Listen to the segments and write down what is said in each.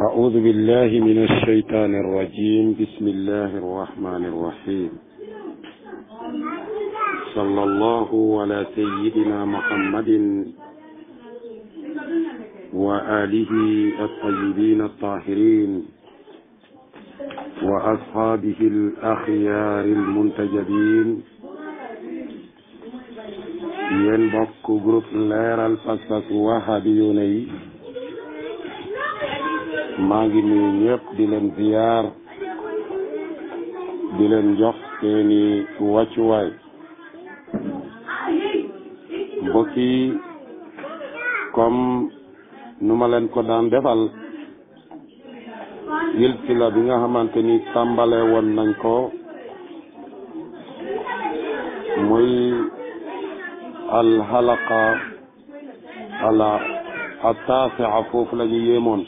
أعوذ بالله من الشيطان الرجيم بسم الله الرحمن الرحيم صلى الله على سيدنا محمد وآله الطيبين الطاهرين وأصحابه الأخيار المنتجبين yéen bokk groupe leeral pas-pas wahabiyuuna yi maa ngi nuyu ñëpp di leen ziyaar di leen jox seeni wàccuwaay mbokk kom comme nu ma leen ko daan defal silsila bi nga xamante ni tàmbale woon nañ ko muy alxalaqa ala ataasi'a foofu la ñu yéemoon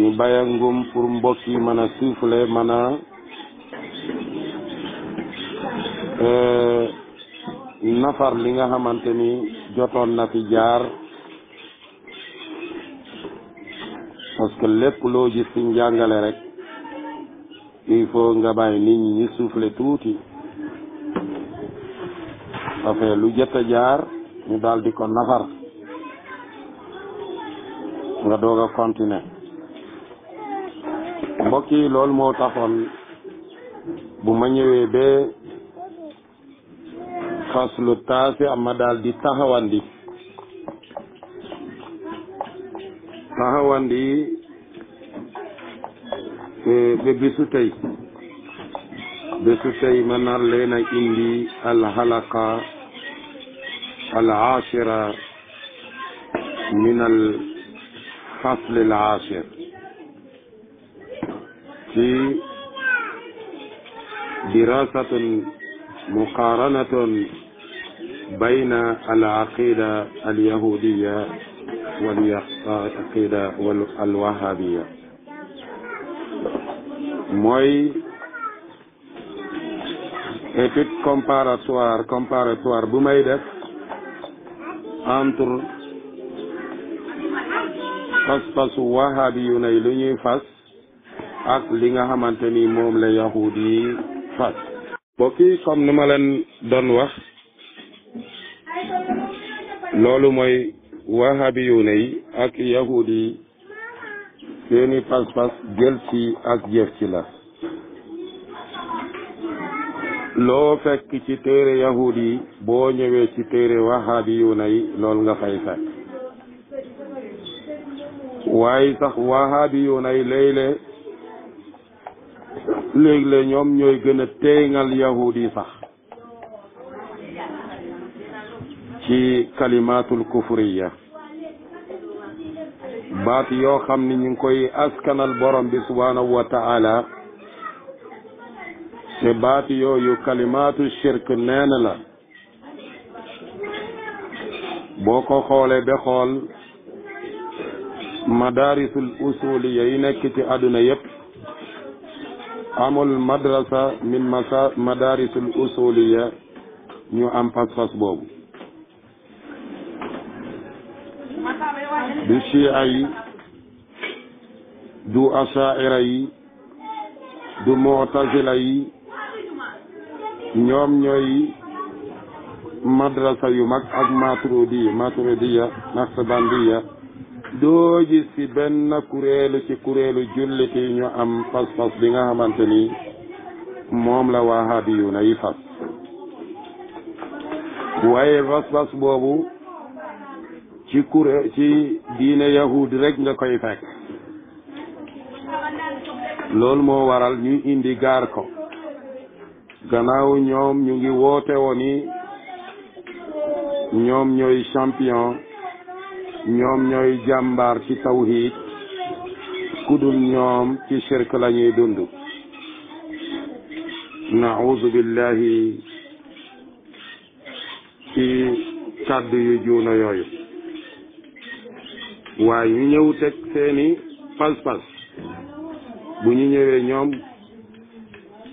ñu bàyyi ngum pour mbokk yi mën a souffler mën euh, nafar li nga xamante ni jotoon na fi jaar parce que lépp loo gis ci rekk il faut nga bàyyi nit ñi ñu souffler tuuti affaire lu jot a jaar ñu daldi ko nafar nga doog a continuer mbokk yi loolu moo taxoon bu ma ñëwee ba faslu taasi am ma di taxawandi taxawandi ba bisu tey bisu tey ma nar leen a al aashira min al fasl al aashir في دراسة مقارنة بين العقيدة اليهودية والعقيدة الوهابية mooy étude comparatoire comparatoire bu may def entre pas-pasu wahabi yu nay lu ñuy fas ak li nga xamante ni moom la yahuud yi fas mbokk yi comme ni ma leen doon wax loolu mooy wahabiyuune yi ak yahuud yi seeni pas-pas jël ci ak jëf ci la loo fekk ci téere yahuud yi boo ñëwee ci téere wahabiyuuna yi loolu nga fay fekk waaye sax wahabiyuuna yi léeg léeg-léeg ñoom ñooy gën a teeŋal yahud sax ci kalimaatul kufriya baat yoo xam ni ñu ngi koy askanal borom bi subhaanahu wa ta'ala te baat yooyu kalimaatu shirk neen la boo ko xoolee ba xool madaarisul usuliya yi nekk ci àdduna yépp amul madrasa min masa madarisul usuliya ñu am pas boobu du chia yi du asaira yi du mutazila yi ñoom ñooy madrasa yu mag ak maturidi maturidiya naxsabandiya doo gis ci benn kuréelu ci kuréelu jullit yi ñu am pas-pas bi nga xamante ni moom la wahabiyuuna yi fas waaye pas-pas boobu ci kuré ci diine yahud rek nga koy fekk loolu moo waral ñu indi gaar ko gannaaw ñoom ñu ngi woote woon ni ñoom ñooy champion ñoom ñooy jàmbaar ci tawhid ku dul ñoom ci shirk la ñuy dund naudu billahi ci kàddu yu juuna yooyu waaye ñu ñëw teg seeni pas-pas bu ñu ñëwee ñoom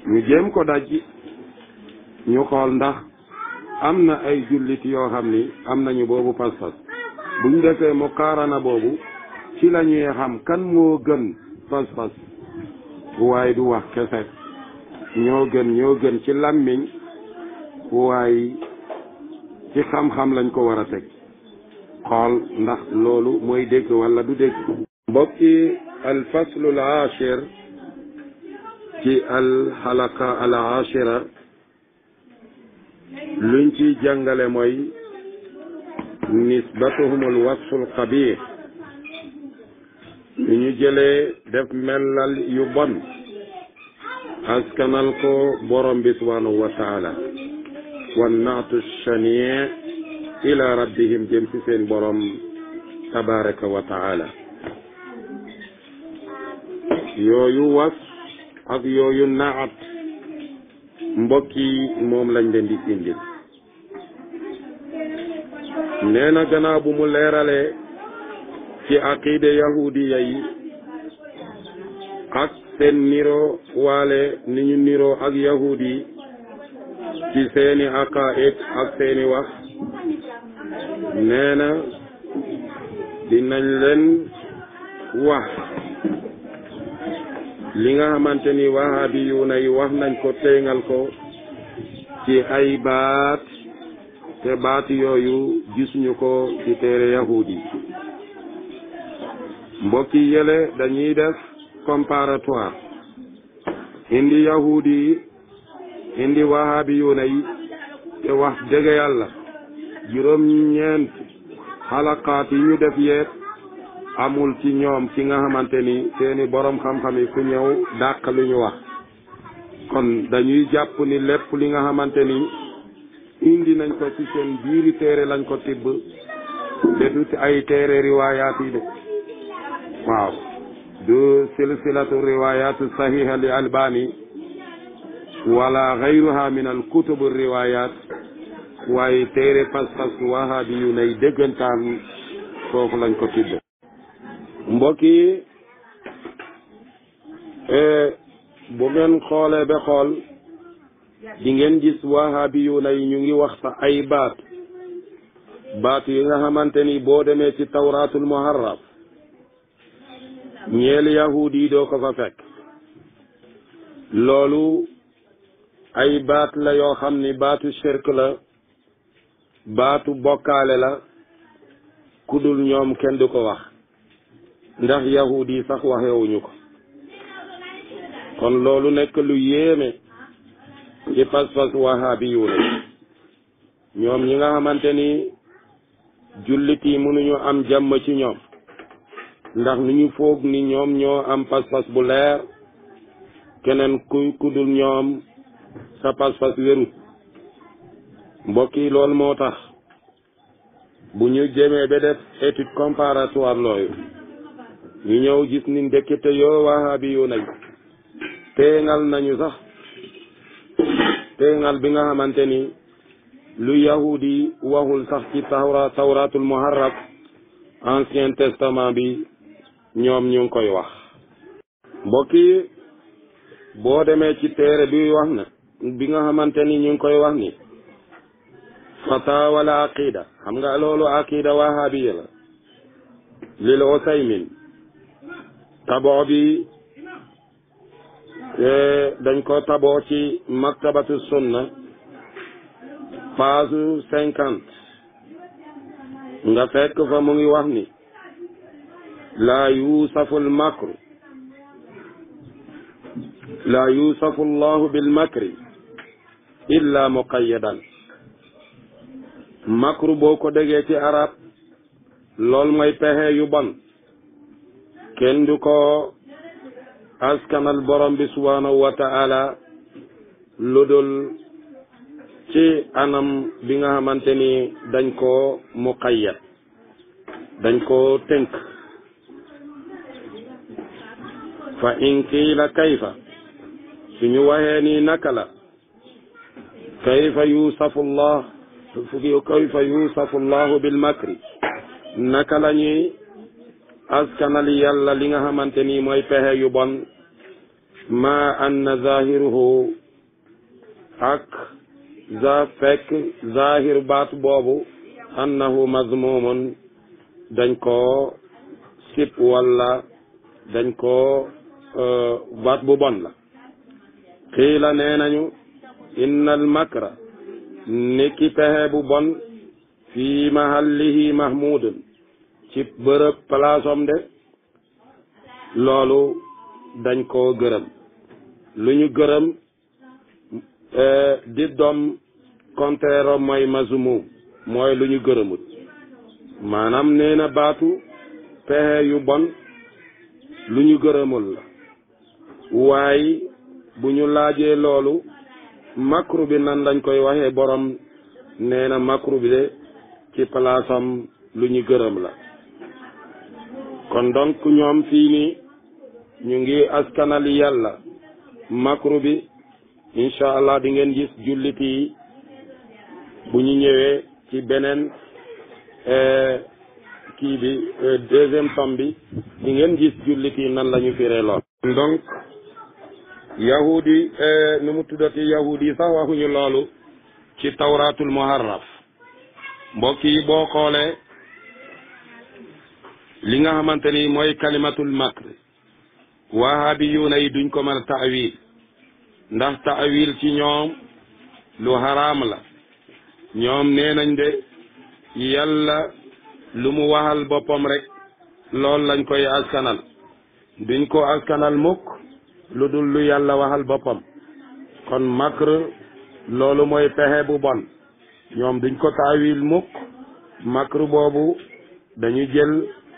ñu jéem ko daj ñu xool ndax am na ay jullit yoo xam ni am nañu boobu pas-pas buñ defee mu qaarana boobu ci lañuy xam kan moo gën pas-pas waay du wax kese ñoo gën ñoo gën ci làmmiñ waay ci xam-xam lañ ko war a teg xool ndax loolu mooy dégg walla du dégg mbokk yi al faslu al ci al xalaqa al aachira luñ ci jàngale mooy nisbatuhum alwasfu alxabiir yu ñu jële def melal yu bon askanal ko borom bi subhanahu wa taala wannaatu chanie ila rabbihim jëm ci seen borom tabaraka wa taala yooyu was ak yooyu naat mbokk yi moom lañ leen di indil nee na gannaaw bu mu leeralee ci aqide yahudiya yay ak seen niroo waale ni ñu niroo ak yahudi ci seeni aqaid ak seeni wax nee na dinañ leen wax li nga xamante ni wahabi nay wax nañ ko téngal ko ci ay baat te baati yooyu gisuñu ko ci téere yahuud yi mbokki yële dañuy def comparatoire indi yahuud yi indi wahabi yuna yi te wax dëgg yàlla juróom ñeent xalaqaat yi ñu def yeet amul ci ñoom ci nga xamante ni seeni boroom xam-xam yi ñëw dàq lu ñu wax kon dañuy jàpp ni lépp li nga xamante ni indi nañ ko ci seen téere lañ ko tibb te du ay téere riwaayaat yi waaw du silsilatu riwaayaatu sahiha li albani wala gayruha min al kutubu riwaayaat waaye téere pas-pas wahabi yu nay dëggantaan foofu lañ ko tibb mbokk eh, bu ngeen xoolee ba xool di ngeen gis wahabiyuuna yi ñu ngi wax sa ay baat baat yi nga xamante ni boo demee ci tawraatul muharraf ñeel yahud yi doo ko fa fekk loolu ay baat la yoo xam ni baatu shirk la baatu bokkaale la ku dul ñoom kenn du ko wax ndax yahud yi sax waxewuñu ko kon loolu nekk lu yéeme ci pas-pas wahaabiyuun ñoom ñi nga xamante ni jullit yi mënuñu am jàmm ci ñoom ndax nu ñu foog ni ñoom ñoo am pas-pas bu leer keneen ku ku dul ñoom sa pas-pas wérut mbokk yi loolu moo tax bu ñu jëmee ba def étude comparatoire looyu ñu ñëw gis ni ndekkite yoo wahaabiyuun nañ teengal nañu sax feeñal bi nga xamante ni lu yahud yi waxul sax ci tawra tawratul muharraf ancien testament bi ñoom ñu ngi koy wax mbokk boo demee ci téere bi wax na bi nga xamante ni ñu ngi koy wax ni fatawa la aqida xam nga loolu aqida wahabiya la lil usaymin tabo bi dañ ko taboo ci maktabatu sunna page cinquante nga fekk fa mu ngi wax ni laa yuusafu almakru laa yuusafu allahu bilmakri illa muqayadan makru boo ko degee ci arab lool mooy pexe yu bon kenn du ko askanal borom bi subhanahu wa taala lu dul ci anam bi nga xamante ni dañ koo muqayyad dañ koo tënk fa in qiila kayfa suñu waxee nii naka la kayfa yuusafu llah kayfa yuusafu llahu bilmakri askanal yàlla li nga xamante ni mooy pexe yu bon ma anna zahiruhu ak za fekk zahir baatu boobu annahu mazmumun dañ ko sib walla dañ ko euh, baat bu bon la xiila nee nañu inna al makra niki pexe bu bon fii mahallihi mahmudun ci bërëb palaasam de loolu dañ ko gërëm lu ñu gërëm e, di doom contraire mooy mazumu mooy lu ñu gërëmut maanaam nee na baatu pexe yu bon lu ñu gërëmul la waaye bu ñu laajee loolu makru bi nan lañ koy waxee borom nee na makru bi de ci palaasam lu ñu gërëm la kon donc ñoom fii nii ñu ngi askanal yàlla makru bi incha allah di ngeen gis jullit yi bu ñu ñëwee ci beneen eh, kii bi eh, deuxième tome bi di ngeen gis jullit yi nan la ñu firee lool. donc yahudi eh, nu mu tuddati yahudi sax waxuñu loolu ci tawratul muharraf mbokk yi boo li nga xamante ni mooy kalimatul makr wahabiyuuna yi duñ ko mën a taawil ndax taawil ci ñoom lu haraam la ñoom nee nañ de yàlla lu mu waxal boppam rek loolu lañ koy askanal duñ ko askanal mukk lu dul lu yàlla waxal boppam kon makr loolu mooy pexe bu bon ñoom duñ ko taawil mukk makr boobu dañu jël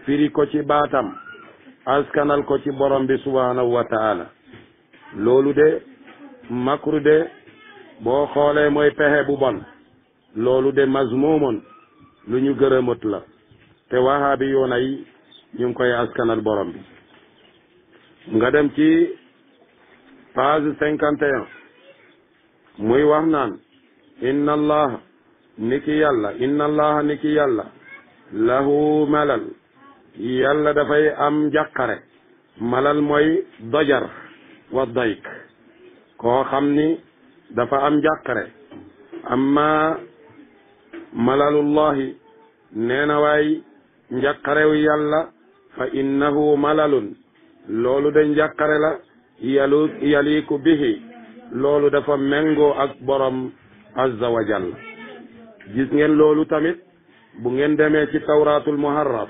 firi ko ci baatam askanal ko ci borom bi subhanahu wa taala loolu de makru de boo xoolee mooy pexe bu bon loolu de mazmumun lu ñu gërëmut la te wahaabi yoona yi ñu ngi koy askanal borom bi nga dem ci page cinquante et un muy wax naan inna allaha niki yàlla inna allaha niki yàlla lahu melal yàlla dafay am njàqare malal mooy dojar wa dayk koo xam ni dafa am njàqare amma malalullahi nee na waay njàqarewu yàlla fa innahu malalun loolu de njàqare la yalu yaliku bihi loolu dafa méngoo ak borom azza wa jalla gis ngeen loolu tamit bu ngeen demee ci tawratul muharraf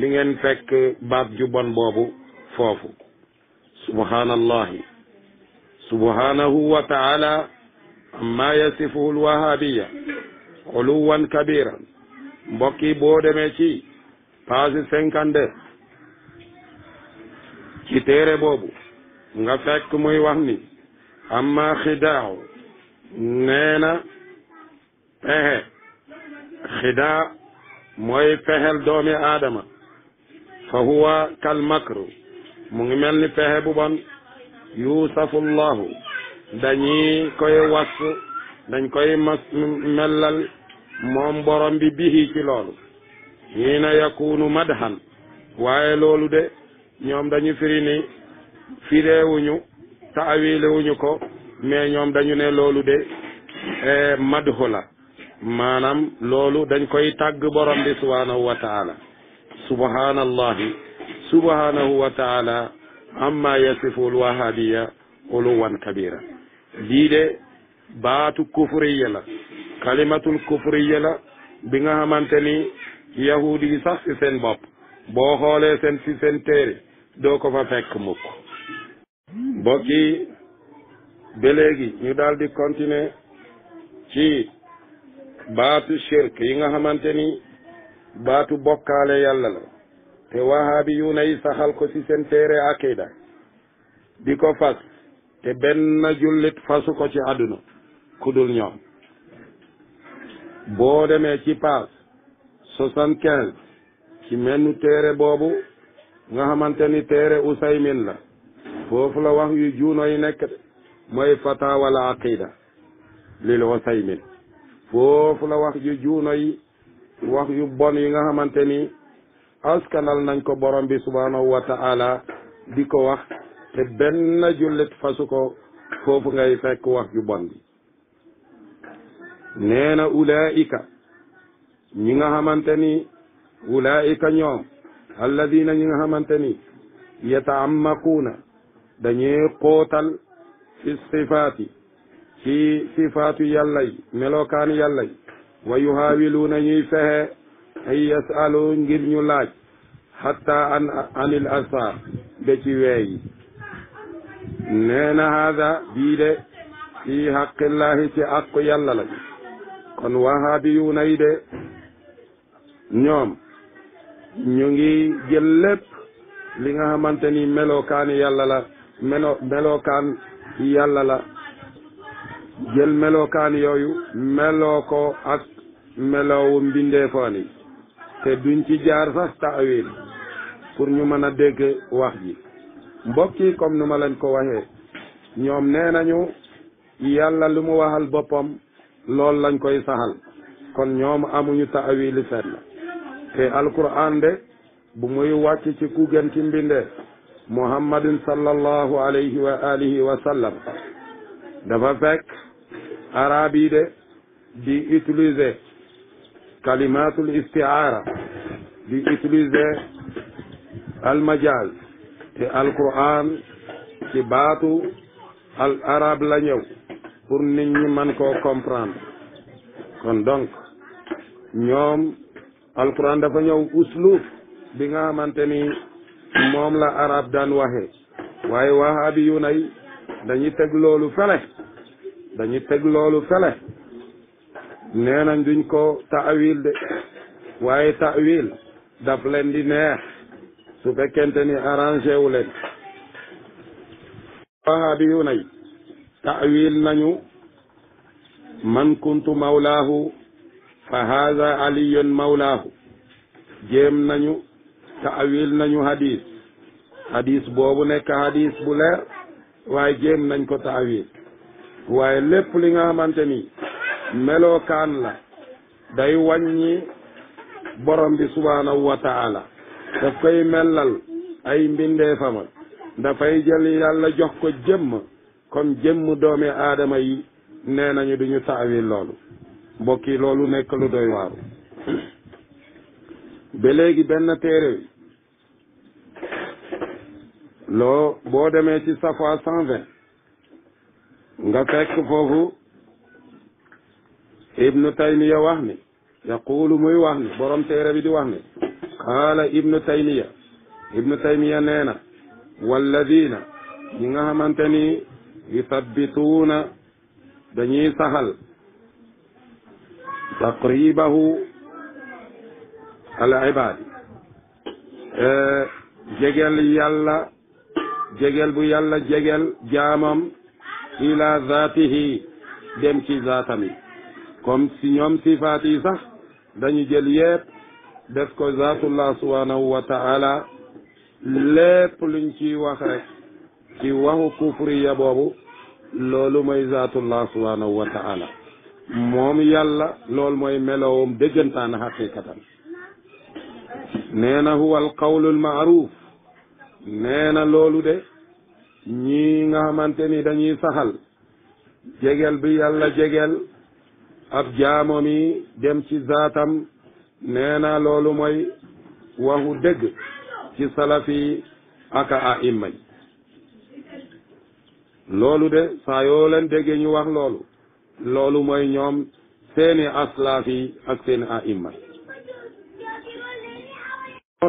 li ngeen fekk baat ju bon boobu foofu subhanallahi subhanahu wa taala amma yasifuhu alwahabiya uluwan kabiran mbokk yi boo demee ci page cinquante deux ci téere boobu nga fekk muy wax ni amma xidaaw nee na pexe xidaa mooy pexel doomi aadama fa huwa kal makru mu ngi mel ni pexe bu bon yuusafu llahu dañuy koy was dañ koy mas mellal moom borom bi bihi ci loolu hiina yakunu madhan waaye loolu de ñoom dañu firi ni fireewuñu taawilewuñu ko mais ñoom dañu ne loolu de e, madhu la maanaam loolu dañ koy tàgg borom bi subhanahu wa taala subhanallahi subhanahu wa taala amma yasiful wahhabiya uluwan kabira lii de baatu kufriya la kalimatul kufriya la bi nga xamante ni yahudi yi sax ci seen bopp boo xoolee seen ci seen téere doo ko fa fekk mukk mbokk yi ba léegi ñu daldi di ci baatu shirk yi nga xamante ni baatu bokkaale yàlla la te wahabiyuuna yi saxal ko ci seen téere akida di ko fas te benn jullit fasu ko ci àdduna ku dul ñoom boo demee ci paas soixante quinze ci menn téere boobu nga xamante ni téere usaymin la foofu la wax yu juuno yi nekk mooy fataawal aqida lil usaymin foofu la wax yu juuno yi wax yu bon yi nga xamante ni askanal nañ ko borom bi subhanahu wa ta'ala di ko wax te benn jullit fasu ko foofu ngay fekk wax yu bon bi nee na ñi nga xamante ni ulaika ñoom alladina ñi nga xamante ni yataammaquuna dañuy xóotal fi sifaati ci sifaatu yàlla yi melokaan yàlla wa yuhaawiluuna ñuy fexe ay yasalu ngir ñu laaj xatta an anil asar ba ci weeyi nee haada bii de fii xaqillahi ci àqu yàlla la kon wahabiyuuna yi de ñoom ñu ngi jël lépp li nga xamante ni melokaan yàlla la melo melokaan yàlla la jël melokaan yooyu meloo ko ak meloowu mbindeefoon yi te duñ ci jaar sax taawil pour ñu mën a dégg wax ji mbokk yi comme nu ma leen ko waxee ñoom nee nañu yàlla lu mu waxal boppam loolu lañ koy saxal kon ñoom amuñu taawili fenn te alquran de bu muy wàcc ci ku ci mbindeef muhammadin sallallahu alayhi wa alihi wa dafa fekk arab yi de di utiliser kalimatul istiaara di utiliser almajaz te alquran ci baatu al arab la ñëw pour nit ñi man koo comprendre kon donc ñoom alquran dafa ñëw uslub bi nga xamante ni moom la arab daan waxee waaye wahabi yu nay dañuy teg loolu fele dañuy teg loolu fele nee nañ duñ ko taawil de waaye taawil daf leen di neex su fekkente ni arrangé wu leen wahaabi yu nay taawil nañu man kuntu mawlaahu fa haada aliyun mawlaahu jéem nañu taawil nañu hadis hadis boobu nekk hadis bu leer waaye jéem nañ ko taawil waaye lépp li nga xamante ni melookaan la day wàññi borom bi subhaanahu wa taala daf koy mellal ay mbindeefama dafay jël yàlla jox ko jëmm comme jëmm doomi aadama yi nee nañu duñu taawil loolu mbokk yi loolu nekk lu doy waaru ba léegi benn téere loo boo demee ci safa cent vingt nga fekk foofu ibnu taymiya wax ne yaquulu muy wax ne borom téere bi di wax ne qaala ibnu taymiya ibnu taymiya nee na walladina ñi nga xamante ni yusabbituuna dañuy saxal taqribahu al ibaad eh, jegel yàlla jegel bu yàlla jegel jaamam ila zaatihi dem ci zaatami comme si ñoom sifaat yi sax dañu jël yépp def ko zaatullah subhanahu wa taala lépp luñ ciy wax rek ci waxu kufriya boobu loolu mooy zaatullah subhanahu wa taala moom yàlla lool mooy melowam dëggantaan xaqiqatan nee na huwa al maaruf nee na loolu de ñii nga ni dañuy saxal jegel bi yàlla jegel ab jaamo yi dem ci zaatam nee na loolu mooy waxu dëgg ci salafi ak a loolu de saa yoo leen déggee ñu wax loolu loolu mooy ñoom seeni aslaaf yi ak seeni a moo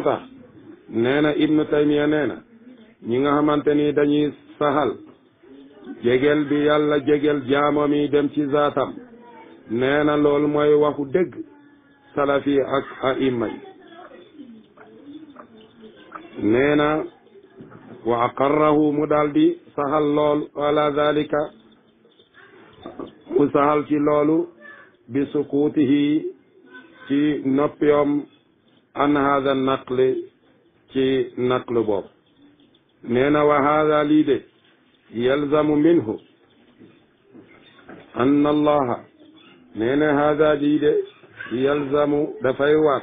tax nee na ibnu taymiya nee na ñi nga xamante ni dañuy saxal jegel bi yàlla jegel jaamo mi dem ci zaatam nee na loolu mooy waxu dëgg salaf yi ak aima yi nee na wa aqarrahu mu daal di saxal loolu ala dalika mu saxal ci loolu bi sukuutihi ci noppiyoom an hada naqli ci naqlu boobu nee na wa hada lii de yalzamu minhu anna allaha nee na haada lii de yalzamu dafay war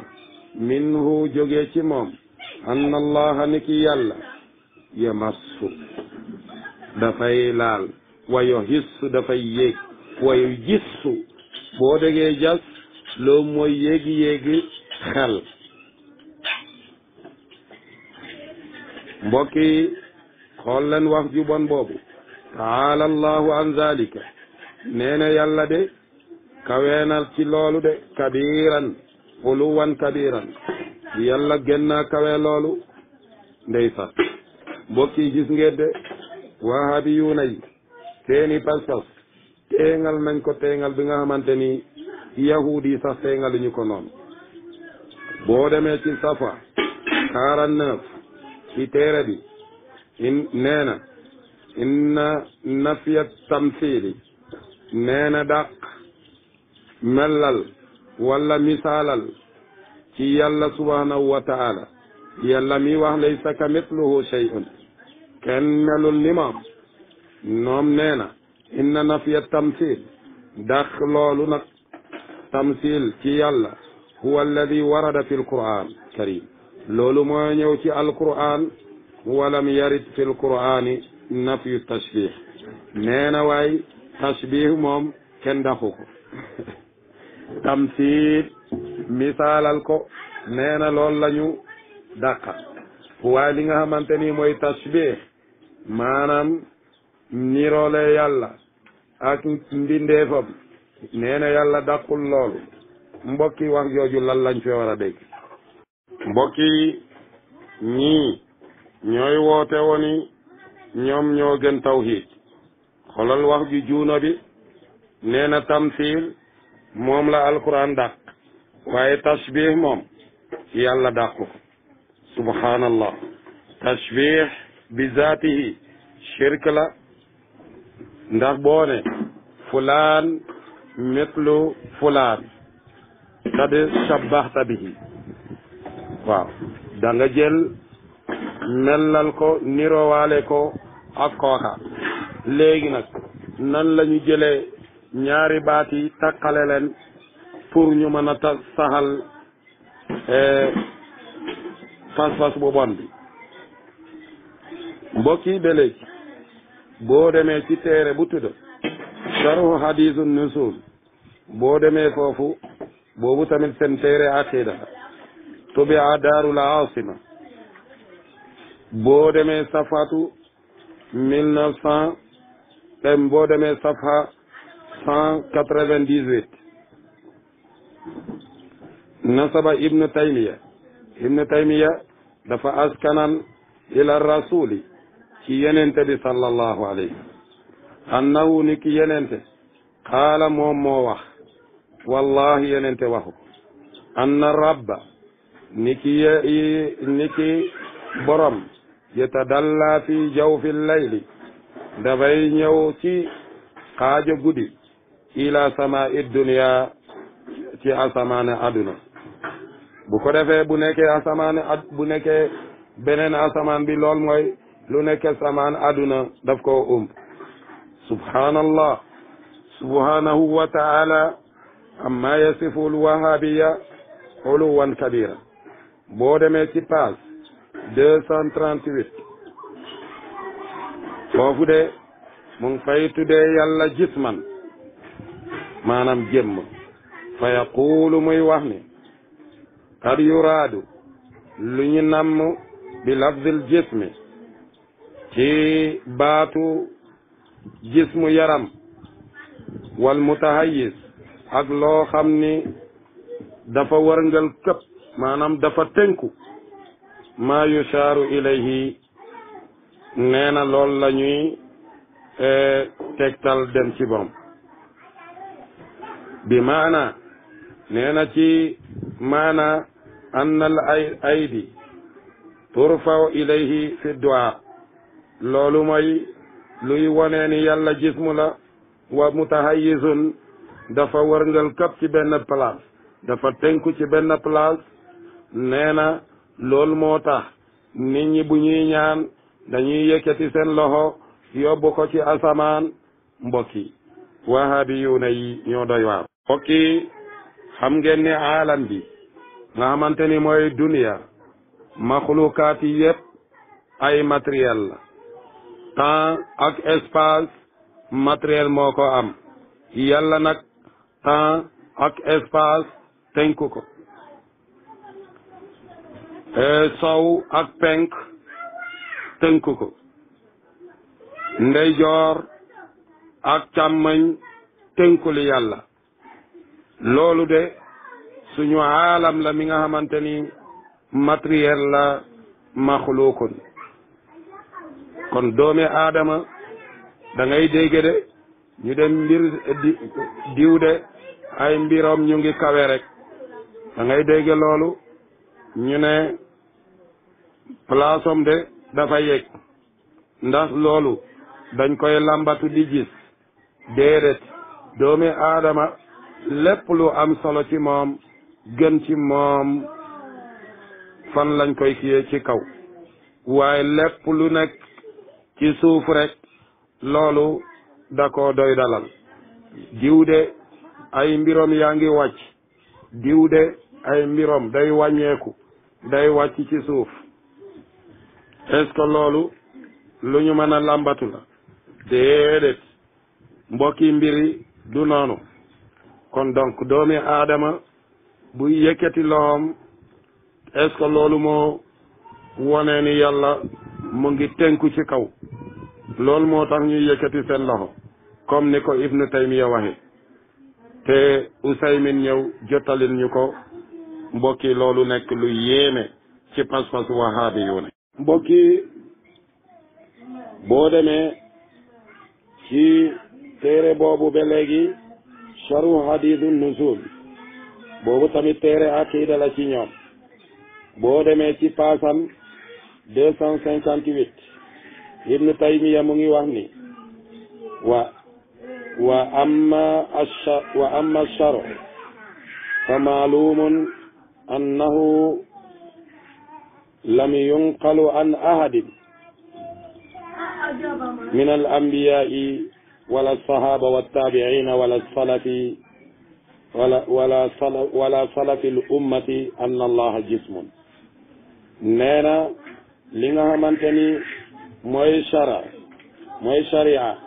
minhu jóge ci moom anna allaha ni yàlla yamassu dafay laal wayo hissu dafay yéeg wayo gissu boo degee jas loo mooy yéegi-yéegi xel mbokk yi xool leen wax bon boobu taala allahu an zalika nee na de kaweenal ci loolu de kabiran uluwan kabiran yàlla gën naa kawe loolu ndeysan mbokk yi gis ngeen de wahabi yuuna yi seeni pas-pas nañ ko teengal bi nga xamante ni yahuud yi sax teengaluñu ko noon boo demee ci safa quarante neuf ci téere bi in nafiya tamsili nee na mellal wala misaalal ci yàlla subhaanahu wa taala yàlla mi wax laysa kamithluhu shay'un kenn melul ni moom noom nee na inna nafiya tamsil dàq loolu nag tamsil ci yàlla huwa alladi warada fi lquran karim loolu moo ñëw ci alquran walam yarid fi lqurani nafyu tashbih nee na waay tashbih moom kenn dàqu ko tamsiil misaalal ko nee na loolu la ñu waaye li nga xamante ni mooy tashbih maanaam niroole yàlla ak mbindeefam nee na yàlla dàqul loolu mbokki wax jooju lan lañ fi war a dégg mbokki ñii ñooy woote woni ñoom ñoo gën tawhid xolal wax ju juuna bi nee na moom la alquran dàq waaye tashbih moom yàlla dàq ko subhaanallah tashbih bi zaatihi shirk la ndax boo ne fulaan mitlu fulaan qad shabbahta bihi waaw da nga jël mellal ko niroowaale ko ak kooka léegi nag nan la ñu ñaari baat yi takkale leen pour ñu mën a ta saxal eh, pas-pas bu bon bi mbokk yi ba boo demee ci téere bu tudd sharhu hadisu nusul boo demee foofu boobu tamit seen téere aqida tubia daarul asima boo demee safatu mille neuf cent eh, boo demee safa cent quatre-vingt-dix-huit nasaba ibnu taymiya ibnu taymiya dafa askanan ila rasuli ci yenente bi sallallahu alayhi annahu ni ki yenente qaala moom moo wax wallahi yenente waxu anna rabba ni ki ye ni ki borom yetadalla fi jawfi layli dafay ñëw ci xaajo guddi ila sama dunya ci asamaane adduna bu ko defee bu nekkee asamaane ad bu nekkee beneen asamaan bi lool mooy lu nekk asamaan adduna daf koo umb subhanallah subhanahu wa taala amma yasifu lwahabiya uluwan boo demee ci page deux cent trente huit foofu de mu ngi fay tuddee jisman maanaam jëmm fa yaquulu muy wax ni qad yuraadu lu ñu namm bi lafzil jismi ci baatu jismu yaram wal mutahayis ak loo xam ni dafa wërngal këpp maanaam dafa tënku maa yushaaru ilayhi nee na lool la ñuy eh, tegtal dem ci boom bi maana nee na ci maana anna al ay aydi turfaw ilayhi fi du'a loolu mooy luy wonee ni yàlla jismu la wa mutahayizun dafa wërngal kap ci benn place dafa tënku ci benn place nee na loolu moo tax nit ñi bu ñuy ñaan dañuy yëkkati seen loxo yóbbu ko ci asamaan mbokki wahabiyuuna yi ñoo doy waar mbokk yi xam ngeen ne aalam bi nga xamante ni mooy duniya maxlukaat yi yépp ay matriel la temps ak espace matériel moo ko am yàlla nag temps ak espace tënku ko eh, sow ak penk tënku ko ndeyjoor ak càmmoñ tënkuli yàlla loolu de suñu aalam la mi nga xamante ni matériel la maxluukun kon doome aadama dangay ngay de ñu dem mbir diw de ay mbiroom ñu ngi kawe rek dangay ngay dégg loolu ñu ne place am de dafa yegg ndax loolu dañ koy lambatu di gis déedéet doomi lépp lu am solo ci moom gën ci moom fan lañ koy kiyee ci kaw waaye lépp lu nekk ci suuf rek loolu da ko doy dalal diw de ay mbiroom yaa ngi wàcc diw de ay mbiroom day wàññeeku day wàcc ci suuf est-ce loolu lu ñu mën a làmbatu la déedéet mbokki mbiri du noonu kon donc doomi aadama buy yëkkati loxoom est que loolu moo wone ni yàlla mu ngi tënku ci kaw loolu moo tax ñuy yëkkati seen loxo comme ni ko ibnu taymiya waxe te usaymin ñëw jottalin ñu ko mbokki loolu nekk lu yéeme ci pas-pas wahaabi yu mbokki boo demee ci téere boobu ba léegi charu hadithul nuzul boobu tamit téere aqida la ci ñoom boo demee ci paasam deux taymiya mu ngi wax ni wa wa amma asha wa fa maalumun annahu lam yunqalu an ahadin min al anbiya'i wala alsahaba waltabiina wala salafi wala wala sala wala salafi l ummati ann allaha jismun nee na li nga xamante ni mooy chara mooy charia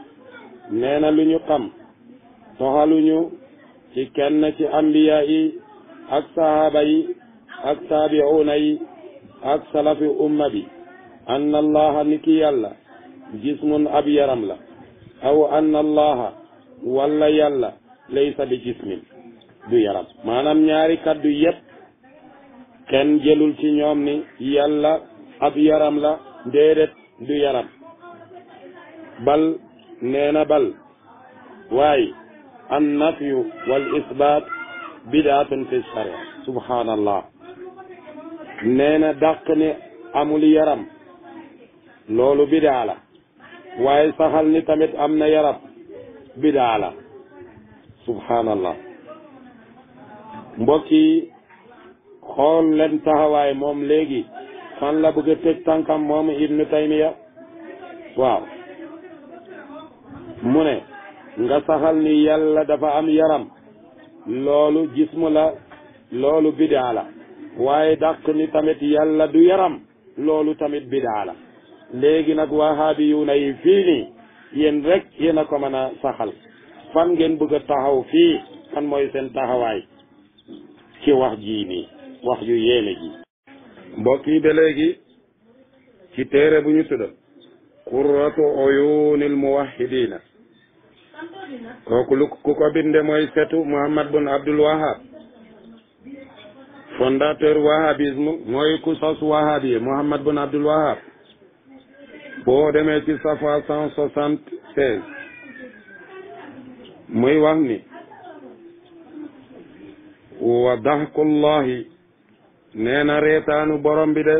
nee na lu ñu xam toxaluñu ci kenn ci ambiya yi ak sahaba yi ak taabiuna yi ak salafi umma bi ann allaha ni ki yàlla jismun ab yaram la aw anna allaha walla yàlla laysa bi jismin du yaram maanaam ñaari kaddu yépp kenn jëlul ci ñoom ni yàlla ab yaram la déedéet du yaram bal nee na bal waaye an nafyu wal isbaat bidaatun fi sharia subhaanallah nee na dàq ne amul yaram loolu bidaa la waaye saxal ni tamit am na yarab bidaa la subhanallah mbokk yi xool leen taxawaay moom léegi fan la bëgg a teg tànkam moom ibnu taymiya waaw mu ne nga saxal ni yàlla dafa am yaram loolu jismu la loolu bidaa waaye dàq ni tamit yàlla du yaram loolu tamit bidaa léegi nag wahabiyuuna yi fii nii yéen rek yéen a ko mën a saxal fan ngeen bëgg a taxaw fii fan mooy seen taxawaay ci wax jii nii wax yu yéeme ji mbokk yi ba léegi ci téere bu ñu tudda qurratu uyunil muwahidina kooku lu ku ko binde mooy setu Muhammad bun Abdul Wahab fondateur wahabisme mooy ku sos wahabi Muhammad bun Abdul Wahab boo demee ci safa cent soixante seize muy wax ni wa daxkullahi nee reetaanu borom bi de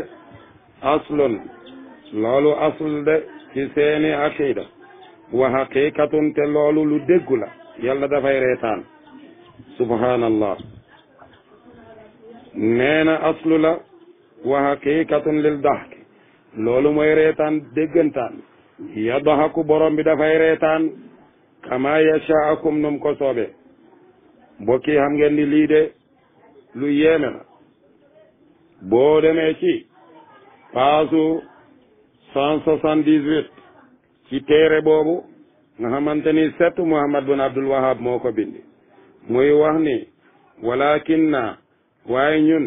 aslun loolu asl de ci seeni aqida wa xaqiqatun te loolu lu déggu la yàlla dafay reetaan subhanallah nee aslu la wa xaqiqatun lil daxk loolu mooy reetaan déggantaan yadahaku borom bi dafay reetaan kama yashaakum num ko soobee mbokk yi xam ngeen lu yéeme la boo demee ci paasu cent ci téere boobu nga xamante ni set Muhammad bun Abdul moo ko bindi muy wax ni walakin na waaye ñun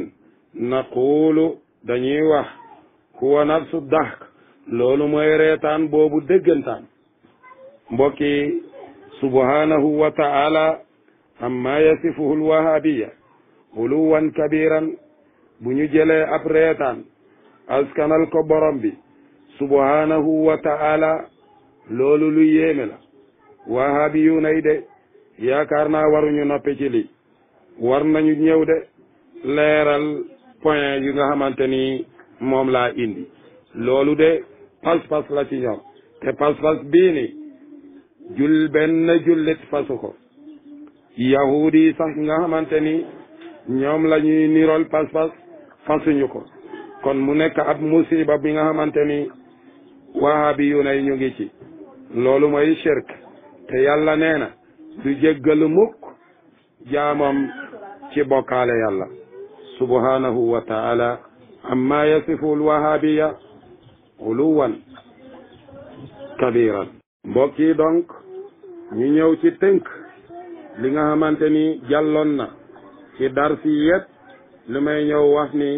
naquulu dañuy wax huwa nafsu dahk loolu mooy reetaan boobu dëggantaan mbokk yi subhanahu wa ta'ala amma yasifuhu alwahabiya huluwan kabiran bu ñu jëlee ab reetaan askanal ko borom bi subhanahu wa ta'ala loolu lu yéeme la wahabi yu nay de yaakaar naa waruñu noppi ci lii war nañu ñëw de leeral point yu nga xamante ni moom laa indi loolu de pas-pas la ci ñoom te pas-pas bii jul benn jullit fasu ko yahuud yi nga xamante ni ñoom la ñuy nirool pas-pas fasuñu ko kon mu nekk ab musiba bi nga xamante ni wahabi yu nay ñu ngi ci loolu mooy shirk te yàlla nee na du jéggalu mukk jaamam ci bokkaale yàlla subhanahu wa taala amma yasifu alwahabiya uluwan kabiran mbokk yi donc ñu ñëw ci tënk li nga xamante ni jàlloon na ci dar si yépp li may ñëw wax ni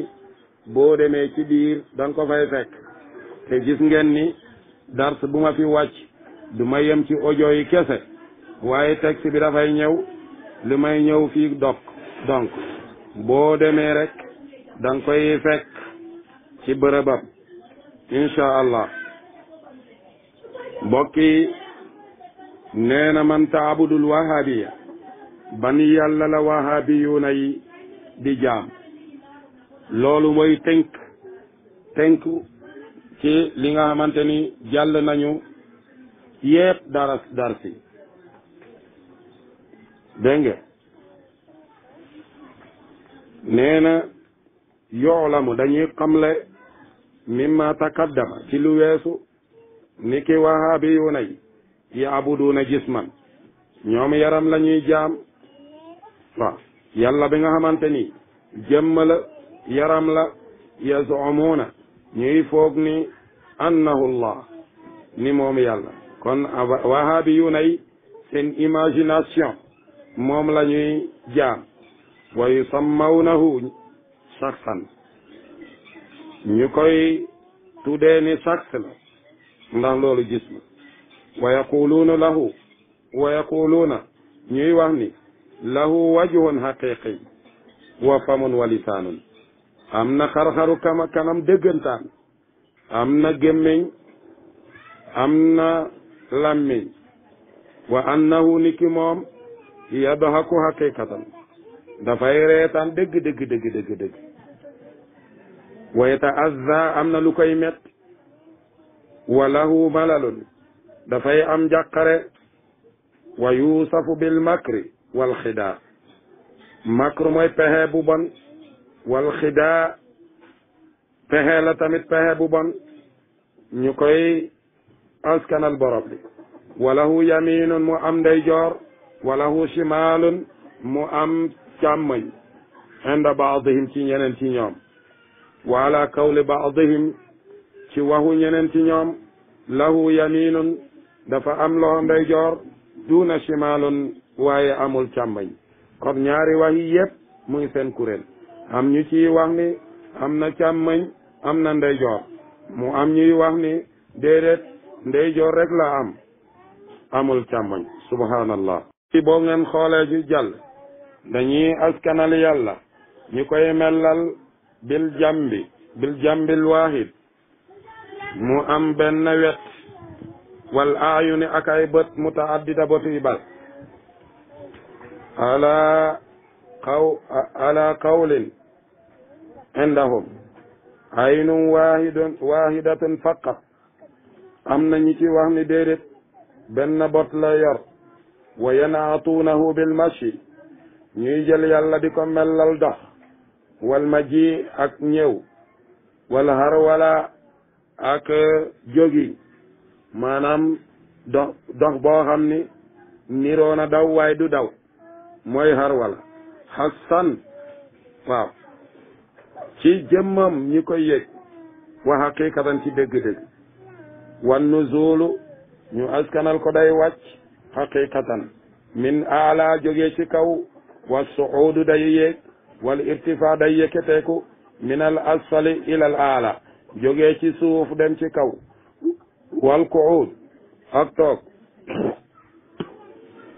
boo demee ci biir da ko fay fekk te gis ngeen ni dars bu ma fi wàcc du ma yem ci audio yi kese waaye texte bi dafay ñëw li may ñëw fii dok donc boo demee rek da nga fekk ci bërëbam incha allah mbokk yi nee na man taabudul wahabiya ban yàlla la wahabiyuuna yi di jaam loolu mooy tënk tënk ci li nga xamante ni jàll nañu yépp dara dar si dégg nga nee na yoolamu dañuy xamle mimma taqaddama ci lu weesu ni ki wahaabi yu nay yaabuduuna jisman ñoom yaram la ñuy jaam waaw yàlla bi nga xamante ni jëmm yaram la yazumuuna ñuy foog ni annahu llah ni moom yàlla kon wahaabi yu nay seen imagination moom la ñuy jaam wa yusammawnahu saxsan ñu koy tuddee ni sax la ndax loolu gis ma wa yaquluuna lahu wa yaquluuna ñuy wax ni lahu wajhun haqiqi wa famun wa am na xar-xaru kanam dëggantaan am na gémmiñ am na làmmiñ wa annahu ni ki moom yadhaku haqiqatan dafay reetaan dëgg dëgg dëgg wa yataazza am na lu koy met wa lahu malalun dafay am jàqare wa yuusafu bil makri wal xidaa makru mooy pexe bu bon wal xidaa pexe la tamit pexe bu bon ñu koy askanal borom bi walahu yaminun mu am ndeyjoor walahu shimaalun mu am càmmoñ inda baadihim ci ñeneen ci ñoom wa ala qawli baadihim ci waxu ñeneen ci ñoom lahu yaminun dafa am loxo ndeyjoor duuna chimalun waaye amul càmbañ kon ñaari wax yi yëpp muy seen kuréel am ñu ci wax ni am na càmmañ am na ndeyjoor mu am ñuy wax ni déedéet ndeyjoor rek la am amul càmmañ subhanallah ci boo ngeen xoolee ju jàll dañuy askanal yàlla ñu koy mellal bil jambi bil jambil waahid mu am benn wet wal aayu ni ak ay bët mutaaddida bët yi bal ala qaw ala qawlin indahum aynun faqat am na ñi ci wax ni déedéet benn bot la yor wa yanaatuunahu bil mashi ñuy jël yàlla di ko mellal dox wal maji ak ñëw wala har wala ak jógi maanaam dox dox boo xam ni niroo daw waaye du daw mooy har wala xasan waaw ci jëmmam ñi koy yëg wa xaqiqatan ci dëgg-dëgg wan nuzulu ñu askanal ko day wàcc xaqiqatan min ala jógee ci kaw wa suudu day yéeg wal irtifaa day yëkkateeku minal asfali ilal aala jógee ci suuf dem ci kaw wal qu'ud ak toog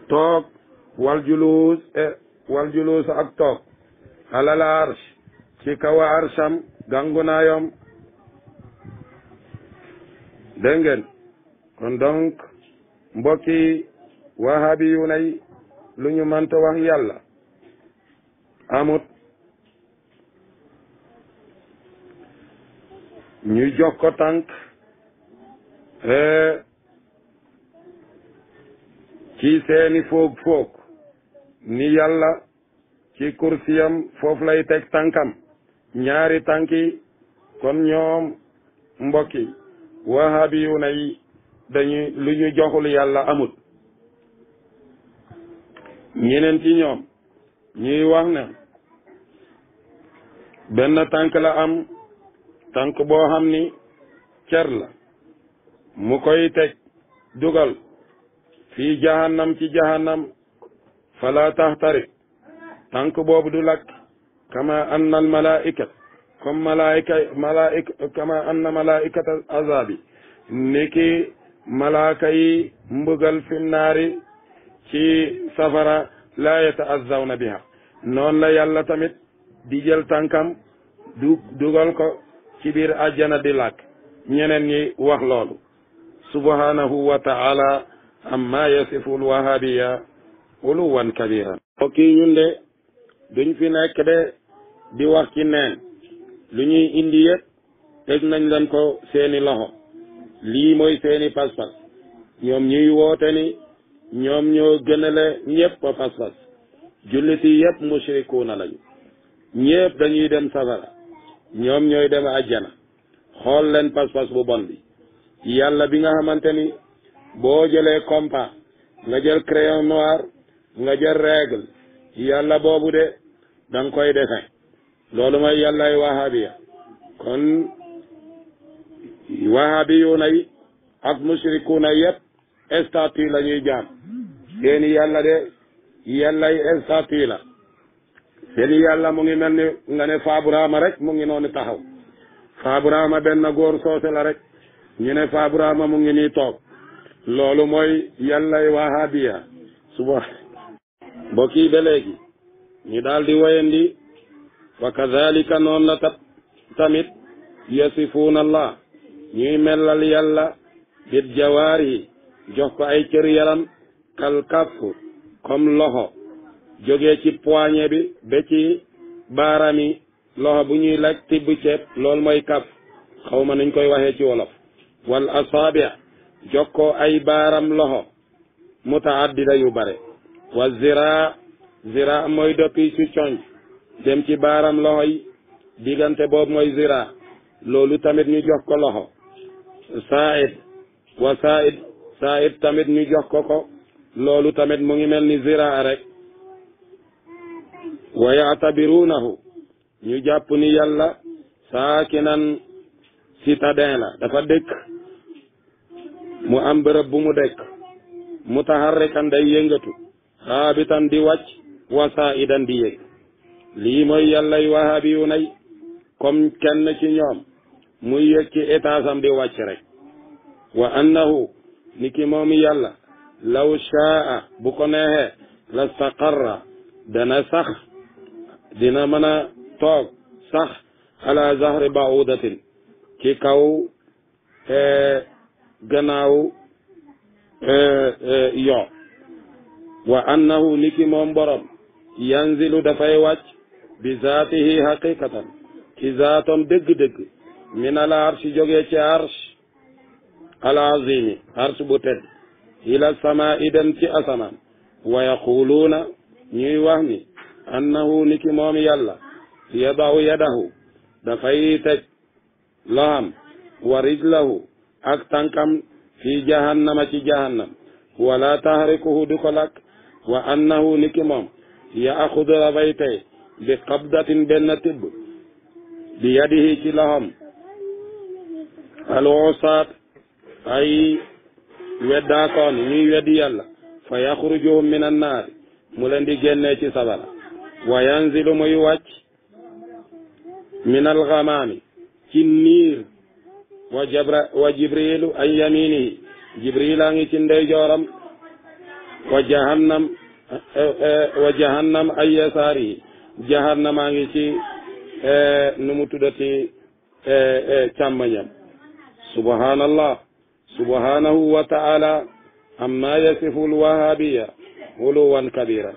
toog wal juluus e, wal juluus ak toog alal arsh ci kaw a arsham gàngu kon donc mbokki wahabi yu lu ñu mënta wax yàlla amut ñuy jog ko tànk e, ci seeni foog foog ni yàlla ci kursiyam foofu lay teg tànkam ñaari tànki kon ñoom mbokki wahabiyuna yi dañu lu ñu joxul yàlla amut ñeneen ci ñoom ñuy wax ne benn tànk la am tànk boo xam ni cer la mu koy teg dugal fii jahannam ci jahannam fala taxtarik tànk boobu du lakk kama anna al malaikat comme malaika malaik kama anna malaikat azabi mbugal fi naari ci safara la yataazawna biha noonu la yàlla tamit di jël tànkam dugal ko ci biir àjjana di làkk ñeneen ñi wax loolu subhanahu wa taala amma yasifu lwahabiya uluwan kabiran mbokk yi ñun de duñ fi nekk de di wax ci neen lu ñuy indi yëpp teg nañ leen ko seeni loxo lii mooy seeni pas-pas ñoom ñuy woote ni ñoom ñoo gënale ñëpp ba pas-pas julliti yëpp mushrikuuna lañu ñëpp dañuy dem safara ñoom ñooy deme ajjana xool leen pas-pas bu bon bi yàlla bi nga xamante ni boo jëlee compas nga jël crayon noir nga jël règle yàlla boobu de da nga koy defe loolu mooy yàllay wahabiya kon wahabiyuuna yi ak mushrikuuna yëpp statut la ñuy jaam seeni yàlla de yàllay statut la seen yàlla mu ngi mel ni nga ne Faaburama mu ngi noonu taxaw Faaburama benn góor soose la rek ñu ne Faaburama mu ngi nii toog loolu mooy yàllay wahabiya suba bokki ba léegi ñu daal di wayandi wa kadalika noonu la tamit yasifuuna allah ñuy melal yàlla bit jawaar yi jox ko ay cër yaram kal kaf loxo joge ci poignet bi ba ci baaraam yi loxo bu ñuy laaj tibb ceeb loolu mooy kaf xaw nuñ koy waxe ci wolof wal asaabi jokkoo ay baaram loxo mutaaddida yu bare wa zira zira mooy doppi ci conc dem ci baaram loxo yi diggante boobu mooy zira loolu tamit ñu jox ko loxo said wa said said tamit ñu jox ko ko loolu tamit mu ngi mel ni zira rek wa yaatabiruunahu ñu jàpp ni yàlla saakinan citadin la dafa dëkk mu am bërëb bu mu dëkk mutaharrikan day yëngatu xaabitan di wàcc wasaa'idan di yëg lii mooy yàllay wahabiyu nay kom kenn ci ñoom muy yëg ci étaasam di wàcc rek wa annahu ni ki moom yàlla law shaa bu ko neexee la staqarra dana sax dina mën a toog sax ala zahri baudatin ci kaw e, gannaaw e, e, yo wa annahu niki moom borom yanzilu dafay wàcc bi zaatihi haqiqatan ci zaatam dëgg-dëgg min al arsh ci arsh al arsh bu ila samaa dem ci asamaan wa yaquluuna ñuy wax annahu niki moom yàlla yadahu yadahu dafay teg wa rijlahu ak tànkam fi jahannama ci jahannam wala tahrikuhu du wa annahu niki moom yaaxudu bi qabdatin benn tibb bi yadihi ci loxam alwusaat ay weddaakoon ñuy weddi yàlla fa yaxrujuhum min annaari mu leen di génnee ci sabara wa yanzilu muy wàcc min alxamaami ci niir wa jabra wa jibrilu an yaminihi jibril a ngi ci ndeyjooram wa jahannam eh, eh, wa jahannam an yasaarihi jahannam a ngi ci eh, nu mu tuddati càmmañam subhanallah subhanahu wa taala amma yasifu alwahabiya huluwan kabira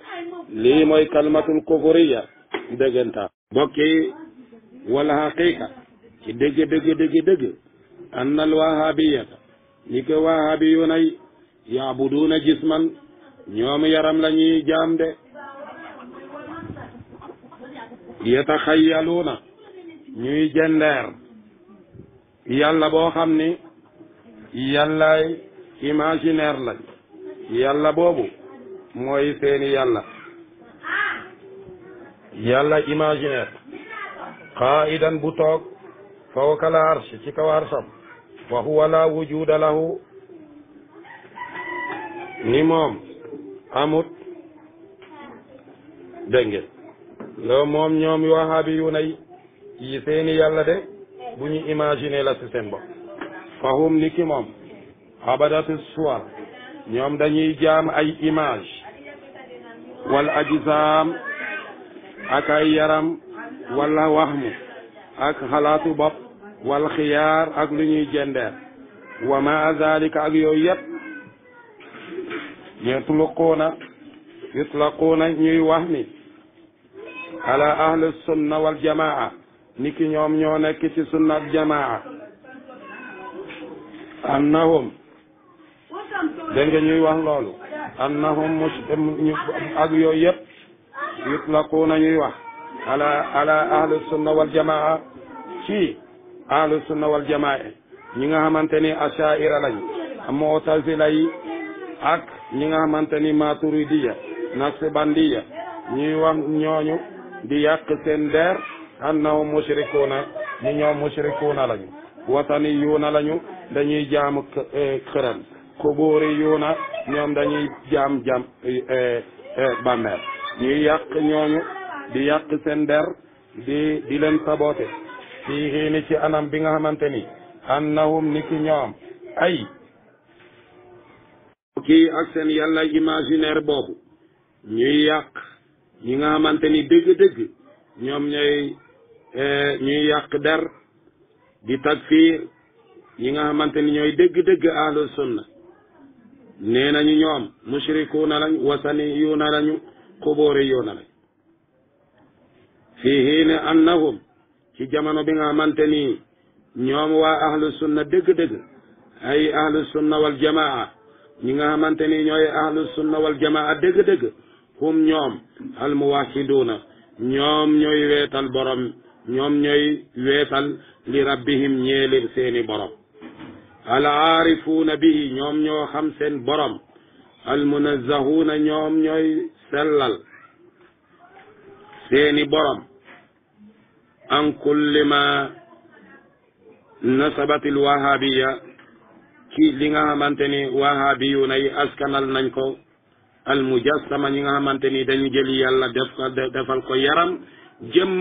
lii mooy kalmatul kufuriya dëggantaan bokki wala xaqiqa ci dëgg dëgg dëgg dëgg anna al ni ko wahabiyuna yi jisman ñoom yaram la ñuy jaam de yataxayaluuna ñuy jendeer yàlla boo xam ni yàllaay imaginaire lañ yàlla boobu mooy seeni yàlla yàlla imaginaire qaidan bu toog fawqa la arsh ci kaw arsham wa huwa la wujuda lahu ni moom amut dégg loo moom ñoom wahaabi yu nay yi seeni yàlla de bu ñu imaginer la si seen bopp fahum ni ki moom abadatu suwar ñoom dañuy jaam ay image wal ajsaam akay yaram wala wax mu ak xalaatu bopp wal xiyaar ak lu ñuy jendeer wa ma zalika ak yooyu yépp yutlaquuna yutlaquuna ñuy wax ni ala ahli sunna wal jamaa ni ñoom ñoo nekk ci sunna ak jamaa annahum dégg nga ñuy wax loolu annahum mus ak yooyu yépp yutlaquuna ñuy wax ala ala ahlu sunna wal jamaa ci ahlu sunna wal jamaa ñi nga xamante ni achaira lañ mutazila yi ak ñi nga xamante ni maturidiya naqsibandiya ñuy wax ñooñu di yàq seen der annahum mushrikuuna ñi ñoom mushrikuuna lañu watani yuuna lañu dañuy jaam xëram e, kubóori yuuna ñoom dañuy jaam jaam e, e, bàmmeel ñuy yàq ñooñu di yàq seen der di di leen saboote fii xiini ci anam bi nga xamante ni annahum ni ki ñoom ay kii ak seen yàlla imaginaire boobu ñuy yàq ñi nga xamante ni dëgg-dëgg ñoom ñooy e, ñuy yàq der di takfiir ñi nga xamante ni ñooy dëgg-dëgg ahlul sunna nee na ñoom mushrikuuna lañ wasaniyuuna lañu koɓore yonana fi hiine annahum ci jamono bi nga xamante ni ñoom wa ahlu sunna dëgg-dëgg ay ahlu sunna wal jamaa ñi nga xamante ni ñooy ahlu sunna wal jamaa dëgg-dëgg hum ñoom al muwahiduuna ñoom ñooy weetal borom ñoom ñooy weetal li rabbihim ñeelin seeni borom al aarifuuna bihi ñoom ñoo xam seen borom almunazzahuuna ñoom ñooy sellal seeni borom an kulli ma nasabatil wahabiya ci li nga xamante ni wahabiyuuna yi askanal nañ ko almujassama ñi nga xamante ni dañu jëli yàlla def ko defal ko yaram jëmm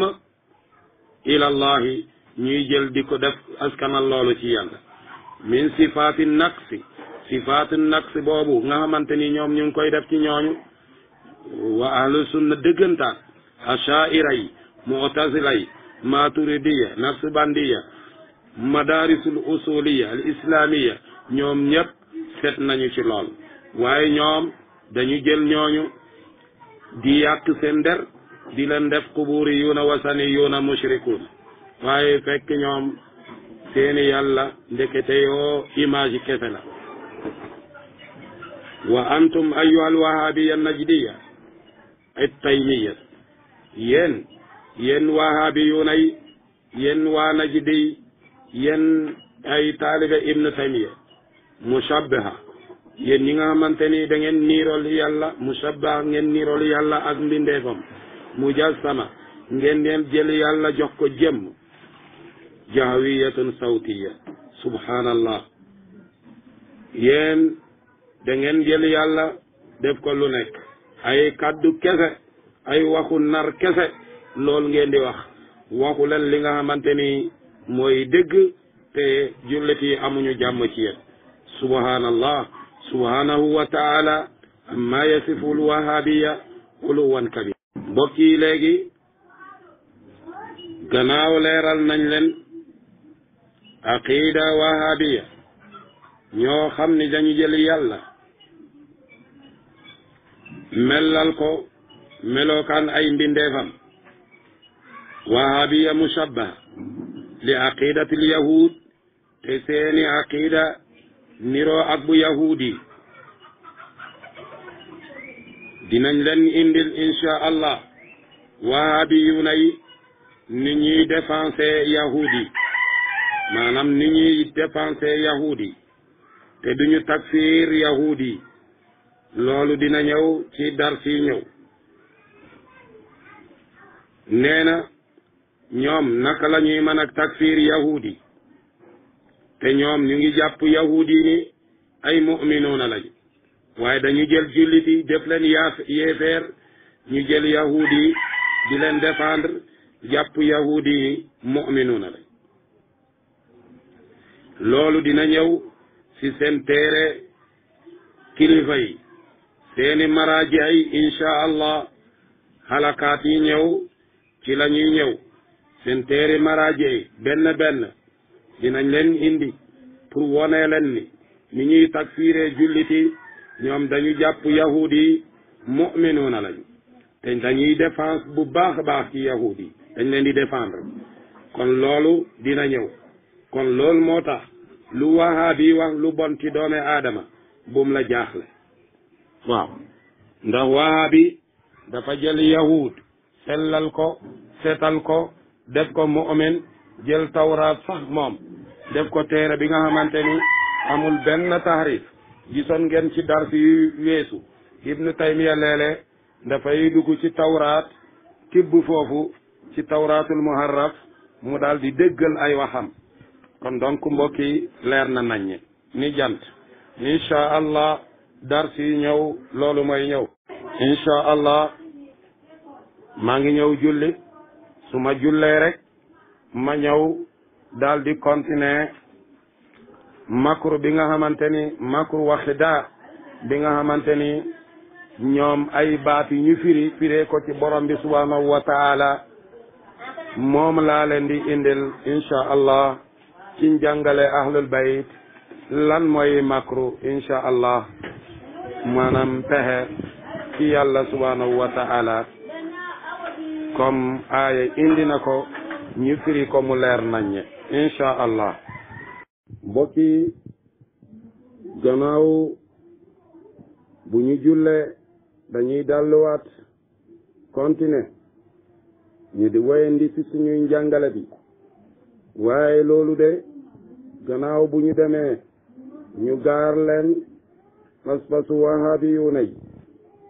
ilallahi ñuy jël di ko def askanal loolu ci yàlla min sifaati naqsi sifaatu naqs boobu nga xamante ni ñoom ñu ngi koy def ci ñooñu wa ahlu sunna dëggantaan ashaira yi mu'tazila yi maturidiya naqsbandiya madarisul usuliya al islamiya ñoom ñëpp set nañu ci lool waaye ñoom dañu jël ñooñu di yàq seen der di leen def kuburi yuuna wasani yuuna mushrikun waaye fekk ñoom seeni yàlla ndekete yoo image yi kese la wa antum ayuha alwahabiya najdiya attaymiya yéen yéen wahabiyuuna yi yen waa najdi yéen ay taalibe ibnu taymiya mushabbaha yéen ñi nga xamante ni da ngeen niirol yàlla ngeen niirol yàlla ak mbindeefam mujassama ngeen dem jël yàlla jox ko jëmm jahwiyatun sawtiya subhanallah yéen dangeen jël yàlla def ko lu nekk ay kàddu kese ay waxu nar kese lool ngeen di wax waxu leen li nga xamante ni mooy dégg te jullit amuñu jàmm ci yéen subhanallah subhanahu wa taala amma yasifu lwahabiya uluwan kabir mbokk yi léegi gannaaw leeral nañ leen aqida wahabiya ñoo xam ni dañu jël yàlla mellal ko melokaan ay mbindeefam wahabiya mushabbaha li aqidatil yahud te seeni aqida niroo ak bu di dinañ len indil insha allah wahabiyuna yi ni ñuy défensé yahudi maanaam ni ñuy défensé yahudi te duñu takfir yahudi loolu dina ñëw ci dar si ñëw nee na ñoom naka lañuy ñuy mën a takfiir yahuud yi te ñoom ñu ngi jàpp yahuud yi ni ay muminuuna lañu waaye dañu jël jullit yi def leen yéefeer ñu jël yahuud yi di leen défendre jàpp yahuud yi muminuuna lañu loolu dina ñëw ci seen téere kilifa yi seeni maraaji ay incha allah xalakaat yi ñëw ci lañuy ñëw seen téere maraaji ay benn benn dinañ leen indi pour wonee leen ni ni ñuy takfiire julliti ñoom dañu jàpp yahuud yi muminuuna lañu te dañuy défense bu baax a baax ci yahuud yi dañ leen di défendre kon loolu dina ñëw kon loolu moo tax lu wahaab yi wax lu bon ci doome aadama buum la jaaxle waaw ndax bi dafa jël yahud sellal ko seetal ko def ko mu omen jël tawraat sax moom def ko teere bi nga xamante ni amul benn tahrif gisoon ngeen ci dar fi weesu ibnu taymiya léeg-léeg dafay dugg ci tawraat tibb foofu ci tawraatul muharraf mu daal di déggal ay waxam kon donc mbokk yi leer na naññe ni jant incha allah dar si ñëw loolu mooy ñëw incha allah maa ngi ñëw julli su ma jullee rek ma ñëw daldi di continuer makru bi nga xamante ni makru waxida bi nga xamante ni ñoom ay baat ñu firi firee ko ci borom bi subhanahu wa taala moom laa leen di indil incha allah ci njàngale ahlul bayt lan mooy makru incha allah maanaam pexe ci yàlla subhanahu wa comme aaya indi na ko ñu firi ko mu leer naññe incha allah mbokki gannaaw bu ñu jullee dañuy delluwaat continuer ñu di wéyandi ci suñuy njàngale bi waaye loolu de gannaaw bu ñu demee ñu gaar pas-pasu wahabi yu nay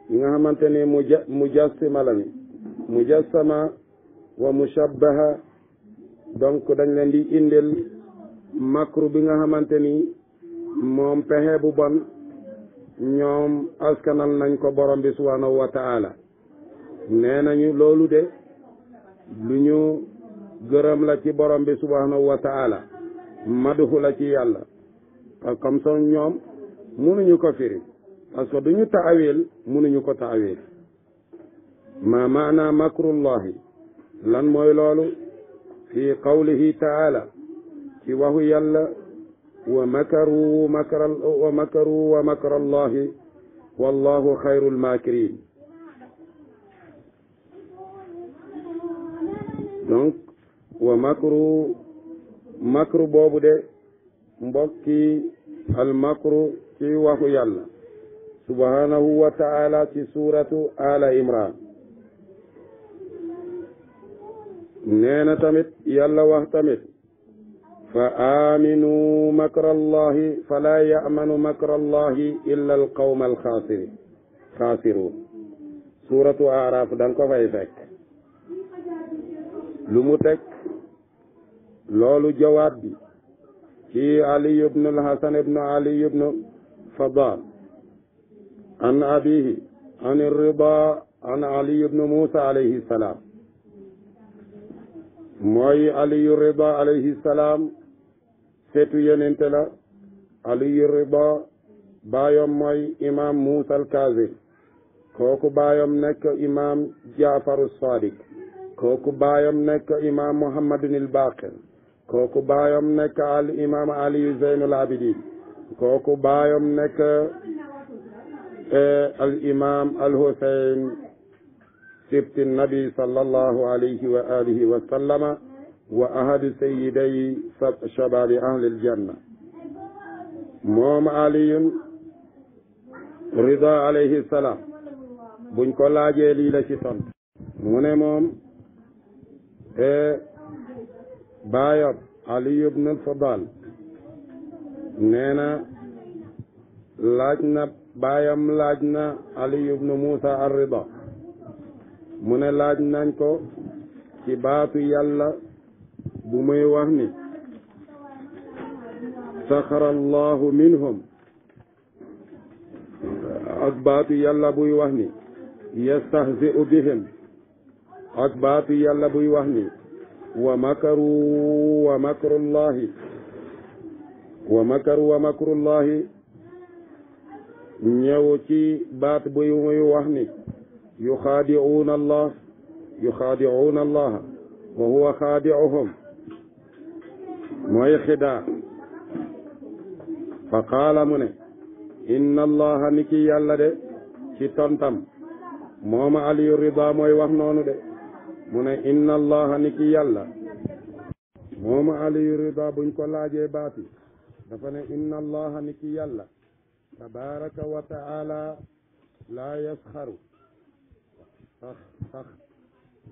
yi nga xamante ne muja mujassima lañu mujassama wa mushabbaha donc dañ leen di indil makru bi nga xamante ni moom pexe bu bon ñoom askanal nañ ko borom bi subhanahu wa nee nañu loolu de lu ñu gërëm la ci borom bi subhanahu wataala taala maduhu ci yàlla comme so ñoom mënuñu ko firi parce que duñu taawil mënuñu ko taawil ma maana makrullahi lan mooy loolu fi qawlihi taala ci waxu yàlla wa makaru makra wa makaru wa makra allahi wallahu xayrul makirin donc wa makru makru boobu de mbokki al makru ci waxu yàlla subhanahu wa taala ci suuratu ala imran nee tamit yàlla wax tamit fa aaminu makra falaa ya'manu makra allahi illa alqawma alxaasiri xaasiruun suuratu aaraaf da ko fay fekk loolu jawaab bi ali ibnu alhasan ibnu ali ibnu فضال عن أبيه عن الرضا عن علي بن موسى عليه السلام mooy aliyu rida alayhi salaam seetu yenente la aliyu rida baayam mooy imam Muusa al kooku baayam nekk imam Jaafaru Sadiq kooku baayam nekk imam Muhammadun al kooku baayam nekk al imam Aliyu Zeynul Abidin kooku baayam nekk e, al imam al husayn sibti nabi sallallahu alayhi wa alihi wa sallama wa ahadi sayyiday shababi ahlil janna moom aliyun rida ko laajee lii la ci tont mu ne moom e, ali ibn al nee na laaj na baayam laaj na ali ibnu muusa arrida mu ne laaj nañ ko ci baatu yàlla bu muy wax ni saxara allahu minhum ak baatu yàlla buy wax ni yastahzi'u bihim ak baatu yàlla buy wax ni wa makaru wa makrullahi wa makaru wa makrullahi ñëw ci baat buy muy wax ni yu xaadiuuna allah yu xaadiuuna allaha wa huwa xaadiuhum mooy xidaa fa qaala mu ne ni ki yàlla de ci tontam mooma aliyu rida mooy wax noonu de mu ne inna ni ki yàlla mooma aliyu rida buñ ko laajee baati dafa ne inna allaha ni ki yàlla tabaraka wa taala laa yasxaru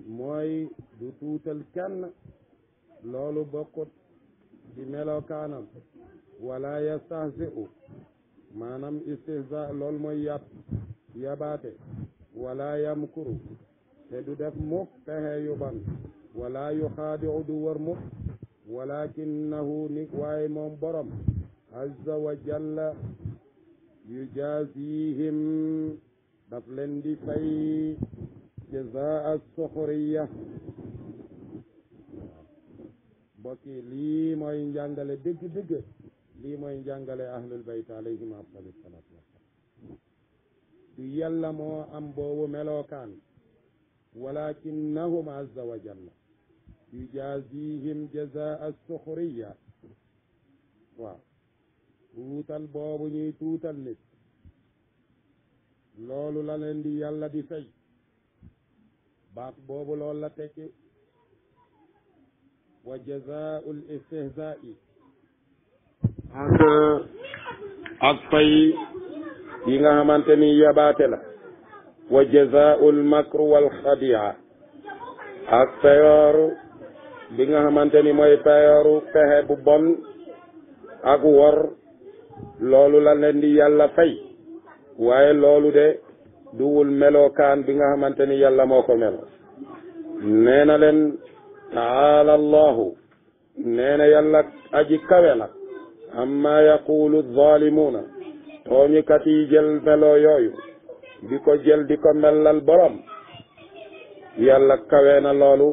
mooy du tuutal kenn loolu bokkut ci melokaanam wala yastahzi'u maanaam istihza loolu mooy yabaate wala yamkuru te du def mukk pexe yu wala yuxaadi'u du wër mukk walakinahu ni waaye moom borom azza wa jalla yujaasihim daf leen di fay jazaa soxoriya mbokk yi lii mo njàngale dëgg-dëgg lii mooy njàngale ahlul bayt alayhim afdalu salaatu wassalaam du yàlla moo am boobu melookaan azza wa yujaazihim jazaa as-suxriya waaw tuutal boobu ñuy tuutal nit loolu la leen di yàlla di fay baat boobu loolu la tekki wa jazaau l istihzaai ak ak fay yi nga xamante ni yabaate la wa jazaau l makru wal xadia ak peyooru bi nga xamante ni mooy peeru pexe bu bon ak wor loolu la leen di yàlla fay waaye loolu de duwul melokaan bi nga xamante ni yàlla moo ko mel nee na leen taala allahu nee na yàlla aji kawe la amma yaqulu zaalimuuna tooñikat yi jël melo yooyu di ko jël di ko melal borom yàlla kawe na loolu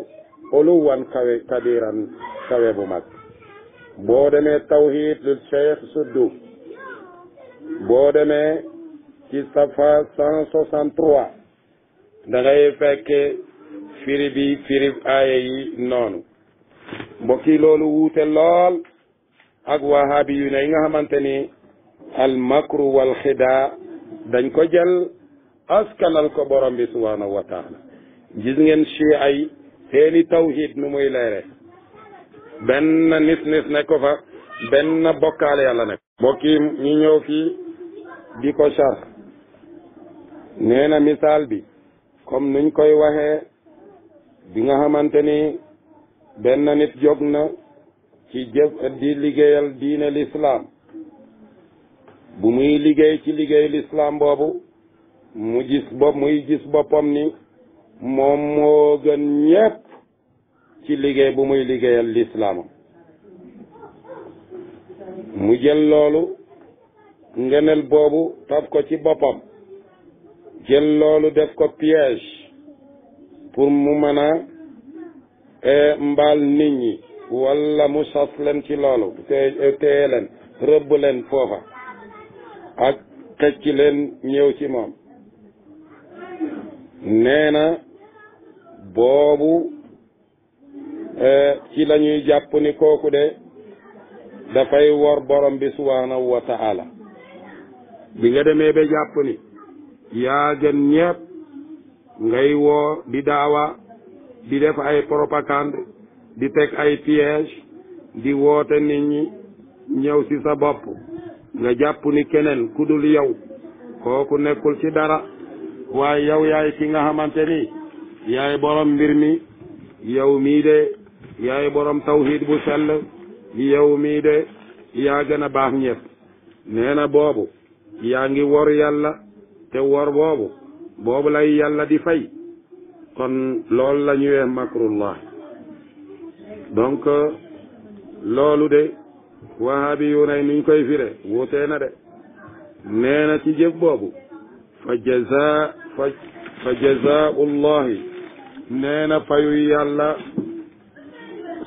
uluwan kawe kabiran kawe bu mag boo demee tawhid lil cheikh suddu boo demee ci safa cent soixante trois da ngay fekke yi noonu mbokki loolu wuute lool ak wahabi yu ne yi nga xamante ni al makru wal dañ ko jël askanal ko borom bi subhanahu wa gis ngeen chi ay seeni tawhid nu muy leere benn nis nis ne fa benn bokkaale yàlla nekk bokki ñu ñëw fii di ko char nee misaal bi comme nuñ koy waxe bi nga xamante ni benn nit jóg na ci jëf di liggéeyal diine lislaam bu muy liggéey ci liggéey lislaam boobu mu gis bopp boppam ni moom moo gën ñépp ci liggéey bu muy liggéeyal lislaamam mu jël loolu ngeneel boobu taf ko ci boppam jël loolu def ko piège pour mu mën a e, mbaal nit ñi walla mu sas leen ci loolu te e, téye leen rëbb leen foofa ak xëcc leen ñëw ci moom nee na boobu Eh, ci lañuy ñuy kooku de dafay wor borom bi subhaanahu bi nga demee ba jàpp ni yaa gën ñépp ngay woo di daawa di def ay propakand di teg ay piège di woote nit ñi ñëw ci sa bopp nga jàpp ni keneen ku dul yow kooku nekkul ci dara waaye yow yaay ki nga ni yaay borom mbir mi yow mii de yaay borom tawhid bu sell yow mii de yaa gën a baax ñëpp nee na boobu yaa ngi wor yàlla te wor boobu boobu lay yàlla di fay kon loolu lañu ñuy wax donc loolu de wahabi yu niñ koy fire wuutee na de nee ci jëf boobu fa jaza fa fa jazaullahi nee fayu yàlla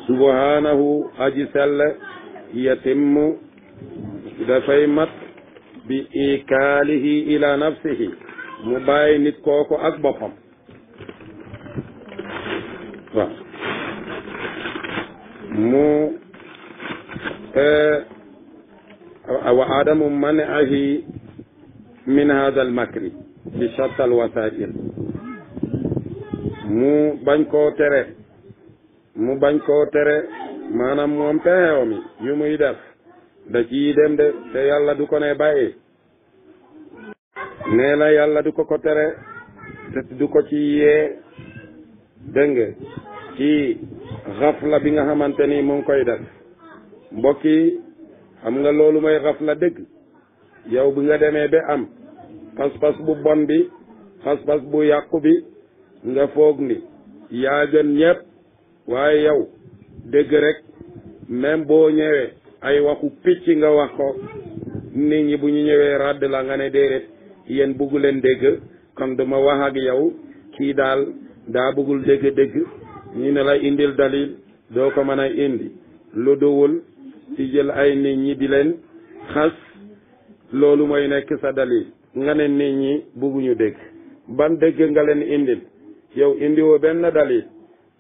subhanahu aji sell yatimmu dafay mat bi ikaalihi ila nafsihi mu bàyyi nit kooku ak boppam waaw mu eh, wa adamu manahi min hada makri bi shatta al wasail mu bañ koo mu bañ koo tere maanaam moom pexew mi yu muy def da ciy dem de te yàlla du ko ne bàyyi nee na yàlla du ko ko tere du ko ci yee dégg nga ci xafla bi nga xamante ni mu ngi koy def mbokk yi xam nga loolu mooy xafla dëgg yow bi nga demee ba am pas-pas bu bon bi pas-pas bu yàqu bi nga foog ni yaa gën ñëpp waaye yow dégg rek même boo ñëwee ay waxu picc nga wax ko nit ñi bu ñu ñëwee ràdd la nga ne déedéet yéen bëggu leen dégg kon duma wax ak yow kii daal daa bëggul dégg-dégg ñu ne la indil dalil doo ko mën a indi lu duwul ci jël ay nit ñi di leen xas loolu mooy nekk sa dalil nga ne nit ñi bëgguñu dégg ban dégg nga leen indil yow indiwoo benn dalil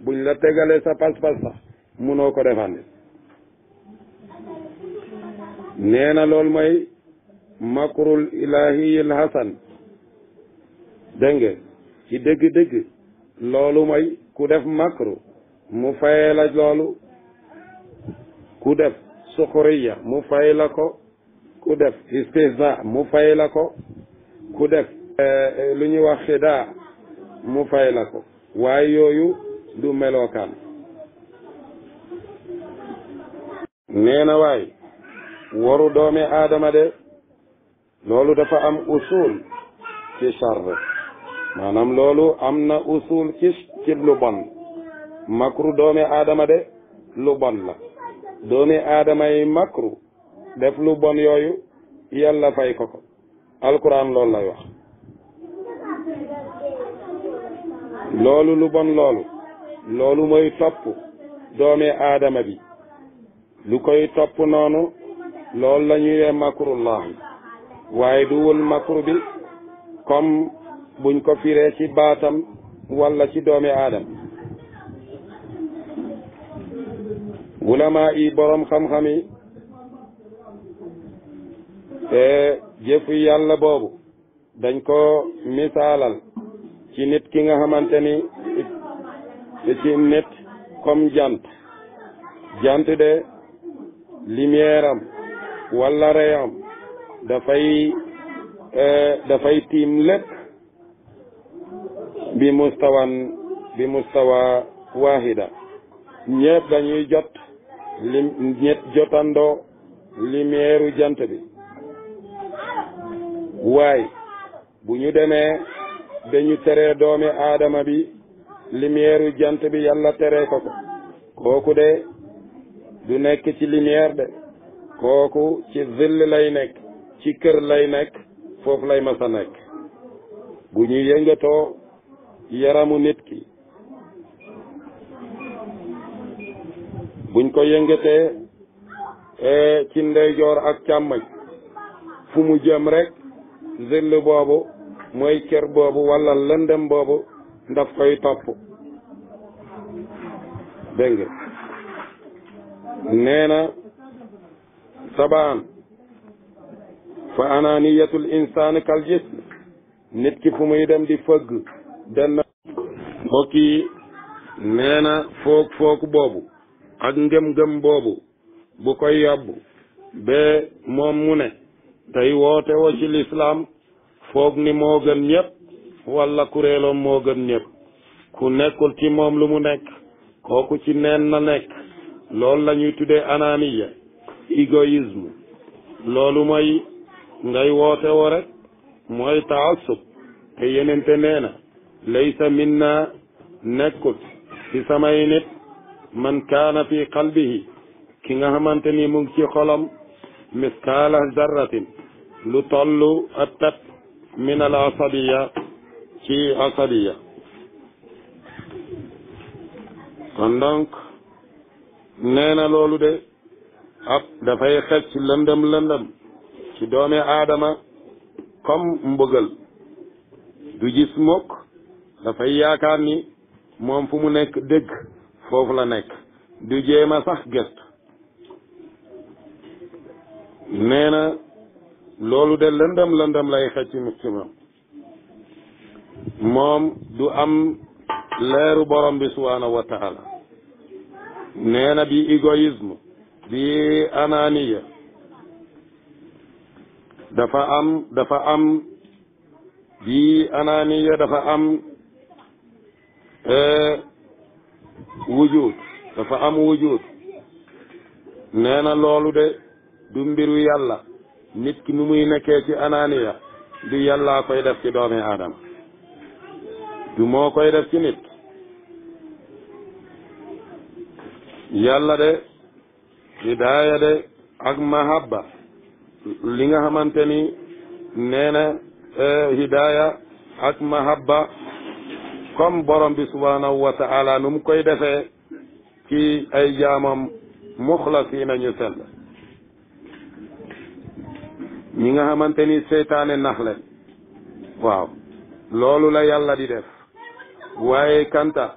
buñ la tegalee sa pas-pas sax munoo ko defandi nee na loolu mooy makrul ilahiyil hasan dégg nga ci dëgg-dëgg loolu may ku def makru mu fayee loolu ku def suxuriya mu fay la ko ku def istihza mu fay la ko ku def eh, lu ñu wax xidaa mu fay la ko waaye yooyu du melokaan nee waay waru doomi aadama de loolu dafa am usul ci charr maanaam loolu am na usul ci ci lu makru doomi aadama de lu bon la doomi aadama yi makru def lu bon yooyu yàlla fay ko ko alquran loolu la wax loolu lu bon loolu loolu mooy topp doome aadama bi lu koy topp noonu loolu la ñuy wee waaye du wul makru bi comme buñ ko fiire ci baatam walla ci doomi aadama wulamaa yi boroom xam-xam yi te jëfu yàlla boobu dañ ko misaalal ci nit ki nga xamante ni da ci net comme jant jant de lumière am wala dafay euh, dafay tiim lépp bi mustawan bi mustawa wahida ñëpp dañuy jot lim ñett jotandoo lumière jant bi waaye bu ñu demee dañu tere doomi aadama bi lumière jant bi yàlla teree ko ko kooku de du nekk ci lumière de kooku ci zill lay nekk ci kër lay nekk foofu lay mas nekk bu ñu yëngatoo yaramu nit ki buñ ko yëngatee eh, ci ndeyjoor ak càmmoñ fu mu jëm rek zill boobu mooy kër boobu walla lëndëm boobu daf koy topp dégg nga nee na sabaan fa ananiyatul insaan kal nit ki fu muy dem di fëgg denn mbokk yi nee na foog boobu ak ngëm-ngëm boobu bu koy yóbbu ba moom mu ne tey woote woo ci lislaam foog ni moo gën ñëpp wala kuréeloom moo gën ñëpp ku nekkul ci moom lu mu nekk kooku ci neen na nekk loolu la ñuy tuddee ananiya égoïsme loolu mooy ngay woote woo moy mooy taasub te yenente nee na laysa minna nekkul ci samay nit man kaana fi qalbihi ki nga xamante ni mu ngi ci xolam miskaala zarratin lu tollu a tat min al asabiya ci asadiya kon donc nee na loolu de ab dafay xecc lëndëm lëndëm ci doomi aadama comme mbëggal du gis mukk dafay yaakaar ni moom fu mu nekk dëgg foofu la nekk du jéem a sax gëstu nee na loolu de lëndëm lëndëm lay xecc ci moom moom du am leeru borom bi subhaanahu wa taala nee na bi égoïsme bi ananiya dafa am dafa am bi ananiya dafa am eh, wujud dafa am wujud nee na loolu de du mbiru yàlla nit ki nu muy nekkee ci ananiya du yàllaa koy def ci doomi aadama du moo koy def ci nit yàlla de hidaaya de ak mahabba li nga xamante ni nee na eh, hidaaya ak mahabba comme borom bi subhanahu wa taala nu mu koy defee ci ay jaamam muxlasiina ñu sell ñi nga xamante ni seytaane nax leen waaw loolu la yàlla di def waaye kanta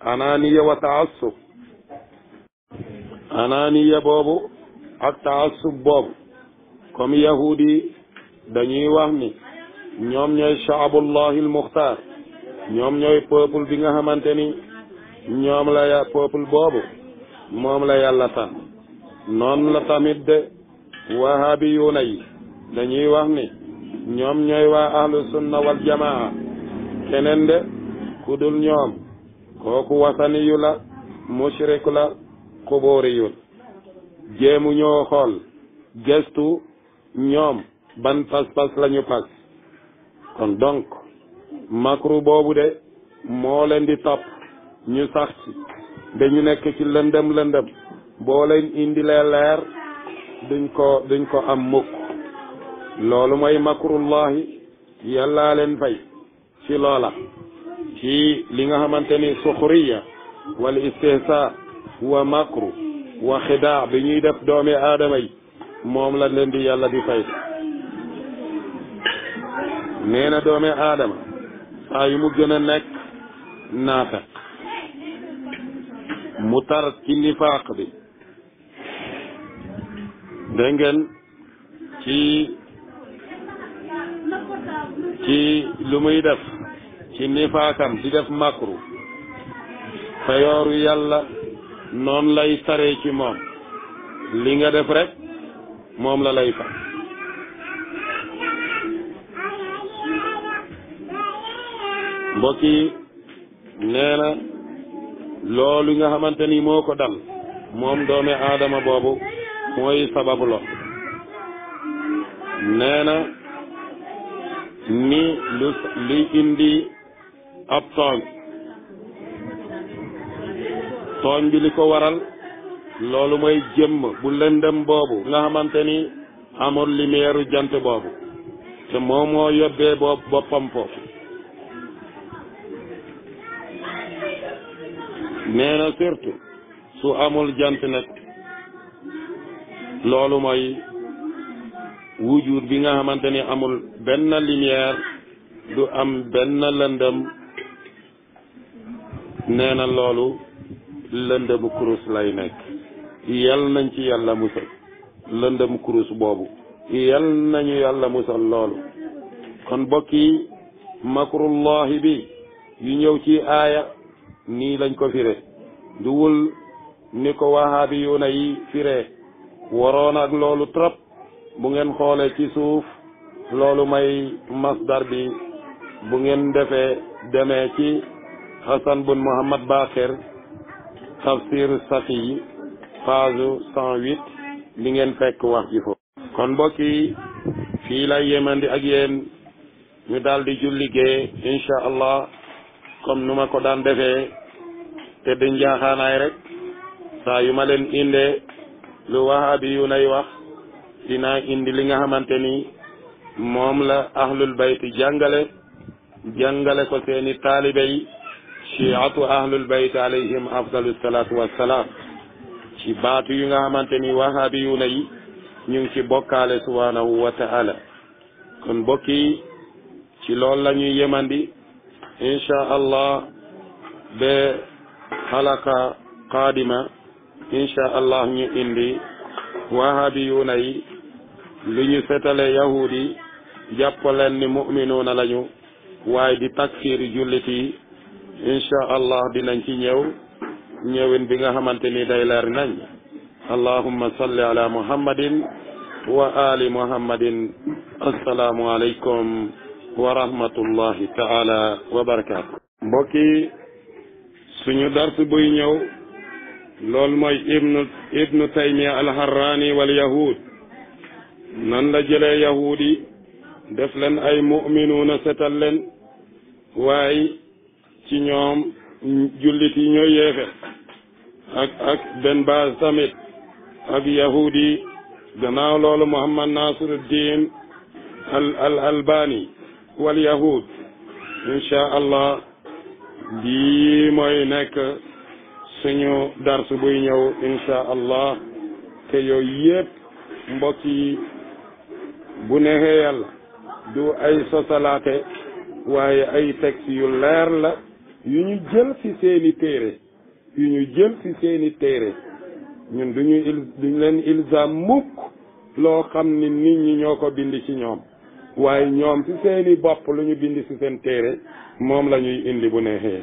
anaaniya wa taassub anaaniya boobu ak taassub boobu comme yahudi dañuy wax ni ñoom ñooy shaabullahi almuxtaar ñoom ñooy peuple bi nga xamante ni ñoom la ya peuple boobu moom la yàlla tànn noonu la tamit de wahabiyuuna yi dañuy wax ni ñoom ñooy waa ahlu sunna wal jamaa de ku dul ñoom kooku wasani yu la mushrik la xubóori jéemu ñoo xool gestu ñoom ban pas-pas lañu pas kon donc makru boobu de moo leen di topp ñu sax ci dañu nekk ci lëndëm lëndëm boo leen indilee leer duñ ko duñ ko am mukk loolu mooy makrullahi yàllaa leen fay ci loola li nga xamante ni suxuriya wala istihsa wa makru wa xidaa bi ñuy def doomi aadama yi moom la leen di yàlla di fay nee na doomi aadama saa yu mu gën a nekk naafeq mu tar ci nifaaq bi dégg ngeen ci ci lu muy def ci nifaakam di def makru payooru yàlla noon lay taree ci moom li nga def rek moom la lay fa mbokk yi nee na loolu nga xamante ni moo ko dal moom doomi aadama boobu mooy sababu lo nee ni lu luy ab tooñ tooñ bi li ko waral loolu mooy jëmm bu lëndëm boobu nga ni amul lumière jant boobu te moom moo yóbbee boobu boppam foofu nee su amul jant nag loolu mooy wujud bi nga xamante ni amul benn lumière du am benn lëndëm nee na loolu lëndëmu kurus lay nekk yal nañ ci yàlla musal lëndëm kurus boobu yal nañu yàlla musal loolu kon bokk yi makrullahi bi yu ñëw ci aaya nii lañ ko fire wul ni ko wahaabi yu nay fire waroon ak loolu trop bu ngeen xoole ci suuf loolu may masdar bi bu ngeen defee demee ci Hassan bun Mohammad Bakir tafsir Safi page cent huit li fekk wax ji kon mbokk yi fii lay yemandi ak yéen ñu daldi di julligee incha allah comme nu ma ko daan defee te di njaaxaanaay rek saa yu ma leen inde lu wahabi yu nay wax dinaa indi li nga xamante ni moom la ahlul bayti jàngale jàngale ko seeni taalibe chiatu ahlul bayt alayhim afdalu salaatu wassalaam ci baatu yu nga xamante ni wahabiyuuna yi ñu ngi ci bokkaale subhaanahu wa taala kon mbokk yi ci lool la ñuy yemandi inchaa allah ba xalaka qaadima inchaa allah ñu indi wahabiyuuna yi lu ñu setale yahudi yi jàppaleen muminuuna lañu waaye di takfir jullit incha allah dinañ ci ñëw bi nga xamante ni day leer nañ allahumma salli ala muhammadin wa ali muhammadin assalaamu aleykum wa rahmatullahi taala wa barakaatu mbokki suñu dars buy ñëw lool mooy ibnu ibnu taymiya alharrani wal yahud nan la jëlee yahud def leen ay muminuuna setal leen waaye ci ñoom jullit yi ñoo yeefe ak ak Ben Baaz tamit ak yahud yi gannaaw loolu Muhammad Nasiruddin al al albani wal yahud allah bii mooy nekk suñu dars buy ñëw incha allah te yooyu yëpp mbokk yi bu neexee yàlla du ay sosalaate waaye ay texte yu leer la yu ñu jël ci seeni téere yu ñu jël ci seeni téere ñun duñu il duñ leen ilzam mukk loo xam ni nit ñi ñoo ko bind ci ñoom waaye ñoom ci seeni bopp lu ñu bind ci seen téere moom lañuy indi bu neexee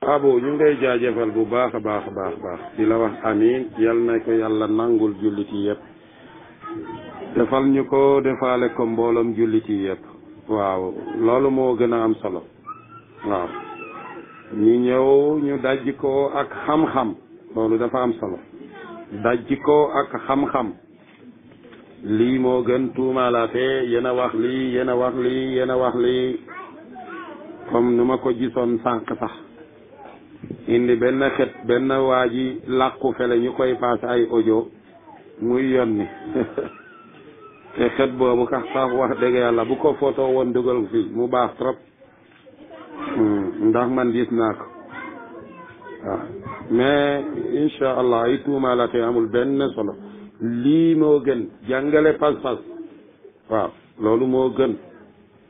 abu ñu ngay jaajëfal bu baax a baax a baax baax di la wax amiin yal na ko yàlla nangul jullit yi yëpp defal ñu ko defaale ko mbooloom jullit yi yëpp waaw loolu moo gën a am solo waaw ñu ñëw ñu dajji ko ak xam-xam loolu dafa am solo dajji ko ak xam-xam lii moo gën tuumaalaate yéen a wax lii yéen a wax lii a wax lii comme nu ma ko gisoon sànq sax indi benn xet benn waa ji làqu fele ñu koy paase ay ojo muy yonni te xet boobu kax sax wax dëgg yàlla bu ko photo woon dugal fii mu baax trop Hmm, ndax man gis naa ko waaw ah, mais incha allah ay tuumaala te amul benn solo lii moo gën jàngale pas waaw loolu moo gën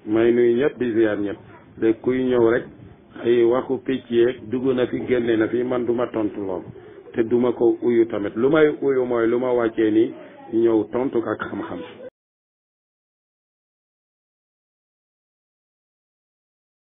may nuyu ñëpp di ziar ñëpp de kuy ñëw rek ay waxu picc yeeg dugg na fi génne na fi man duma tontu loolu te duma ko uyu tamit lu may uyu mooy lu ma wàccee nii ñëw tontu ak xam-xam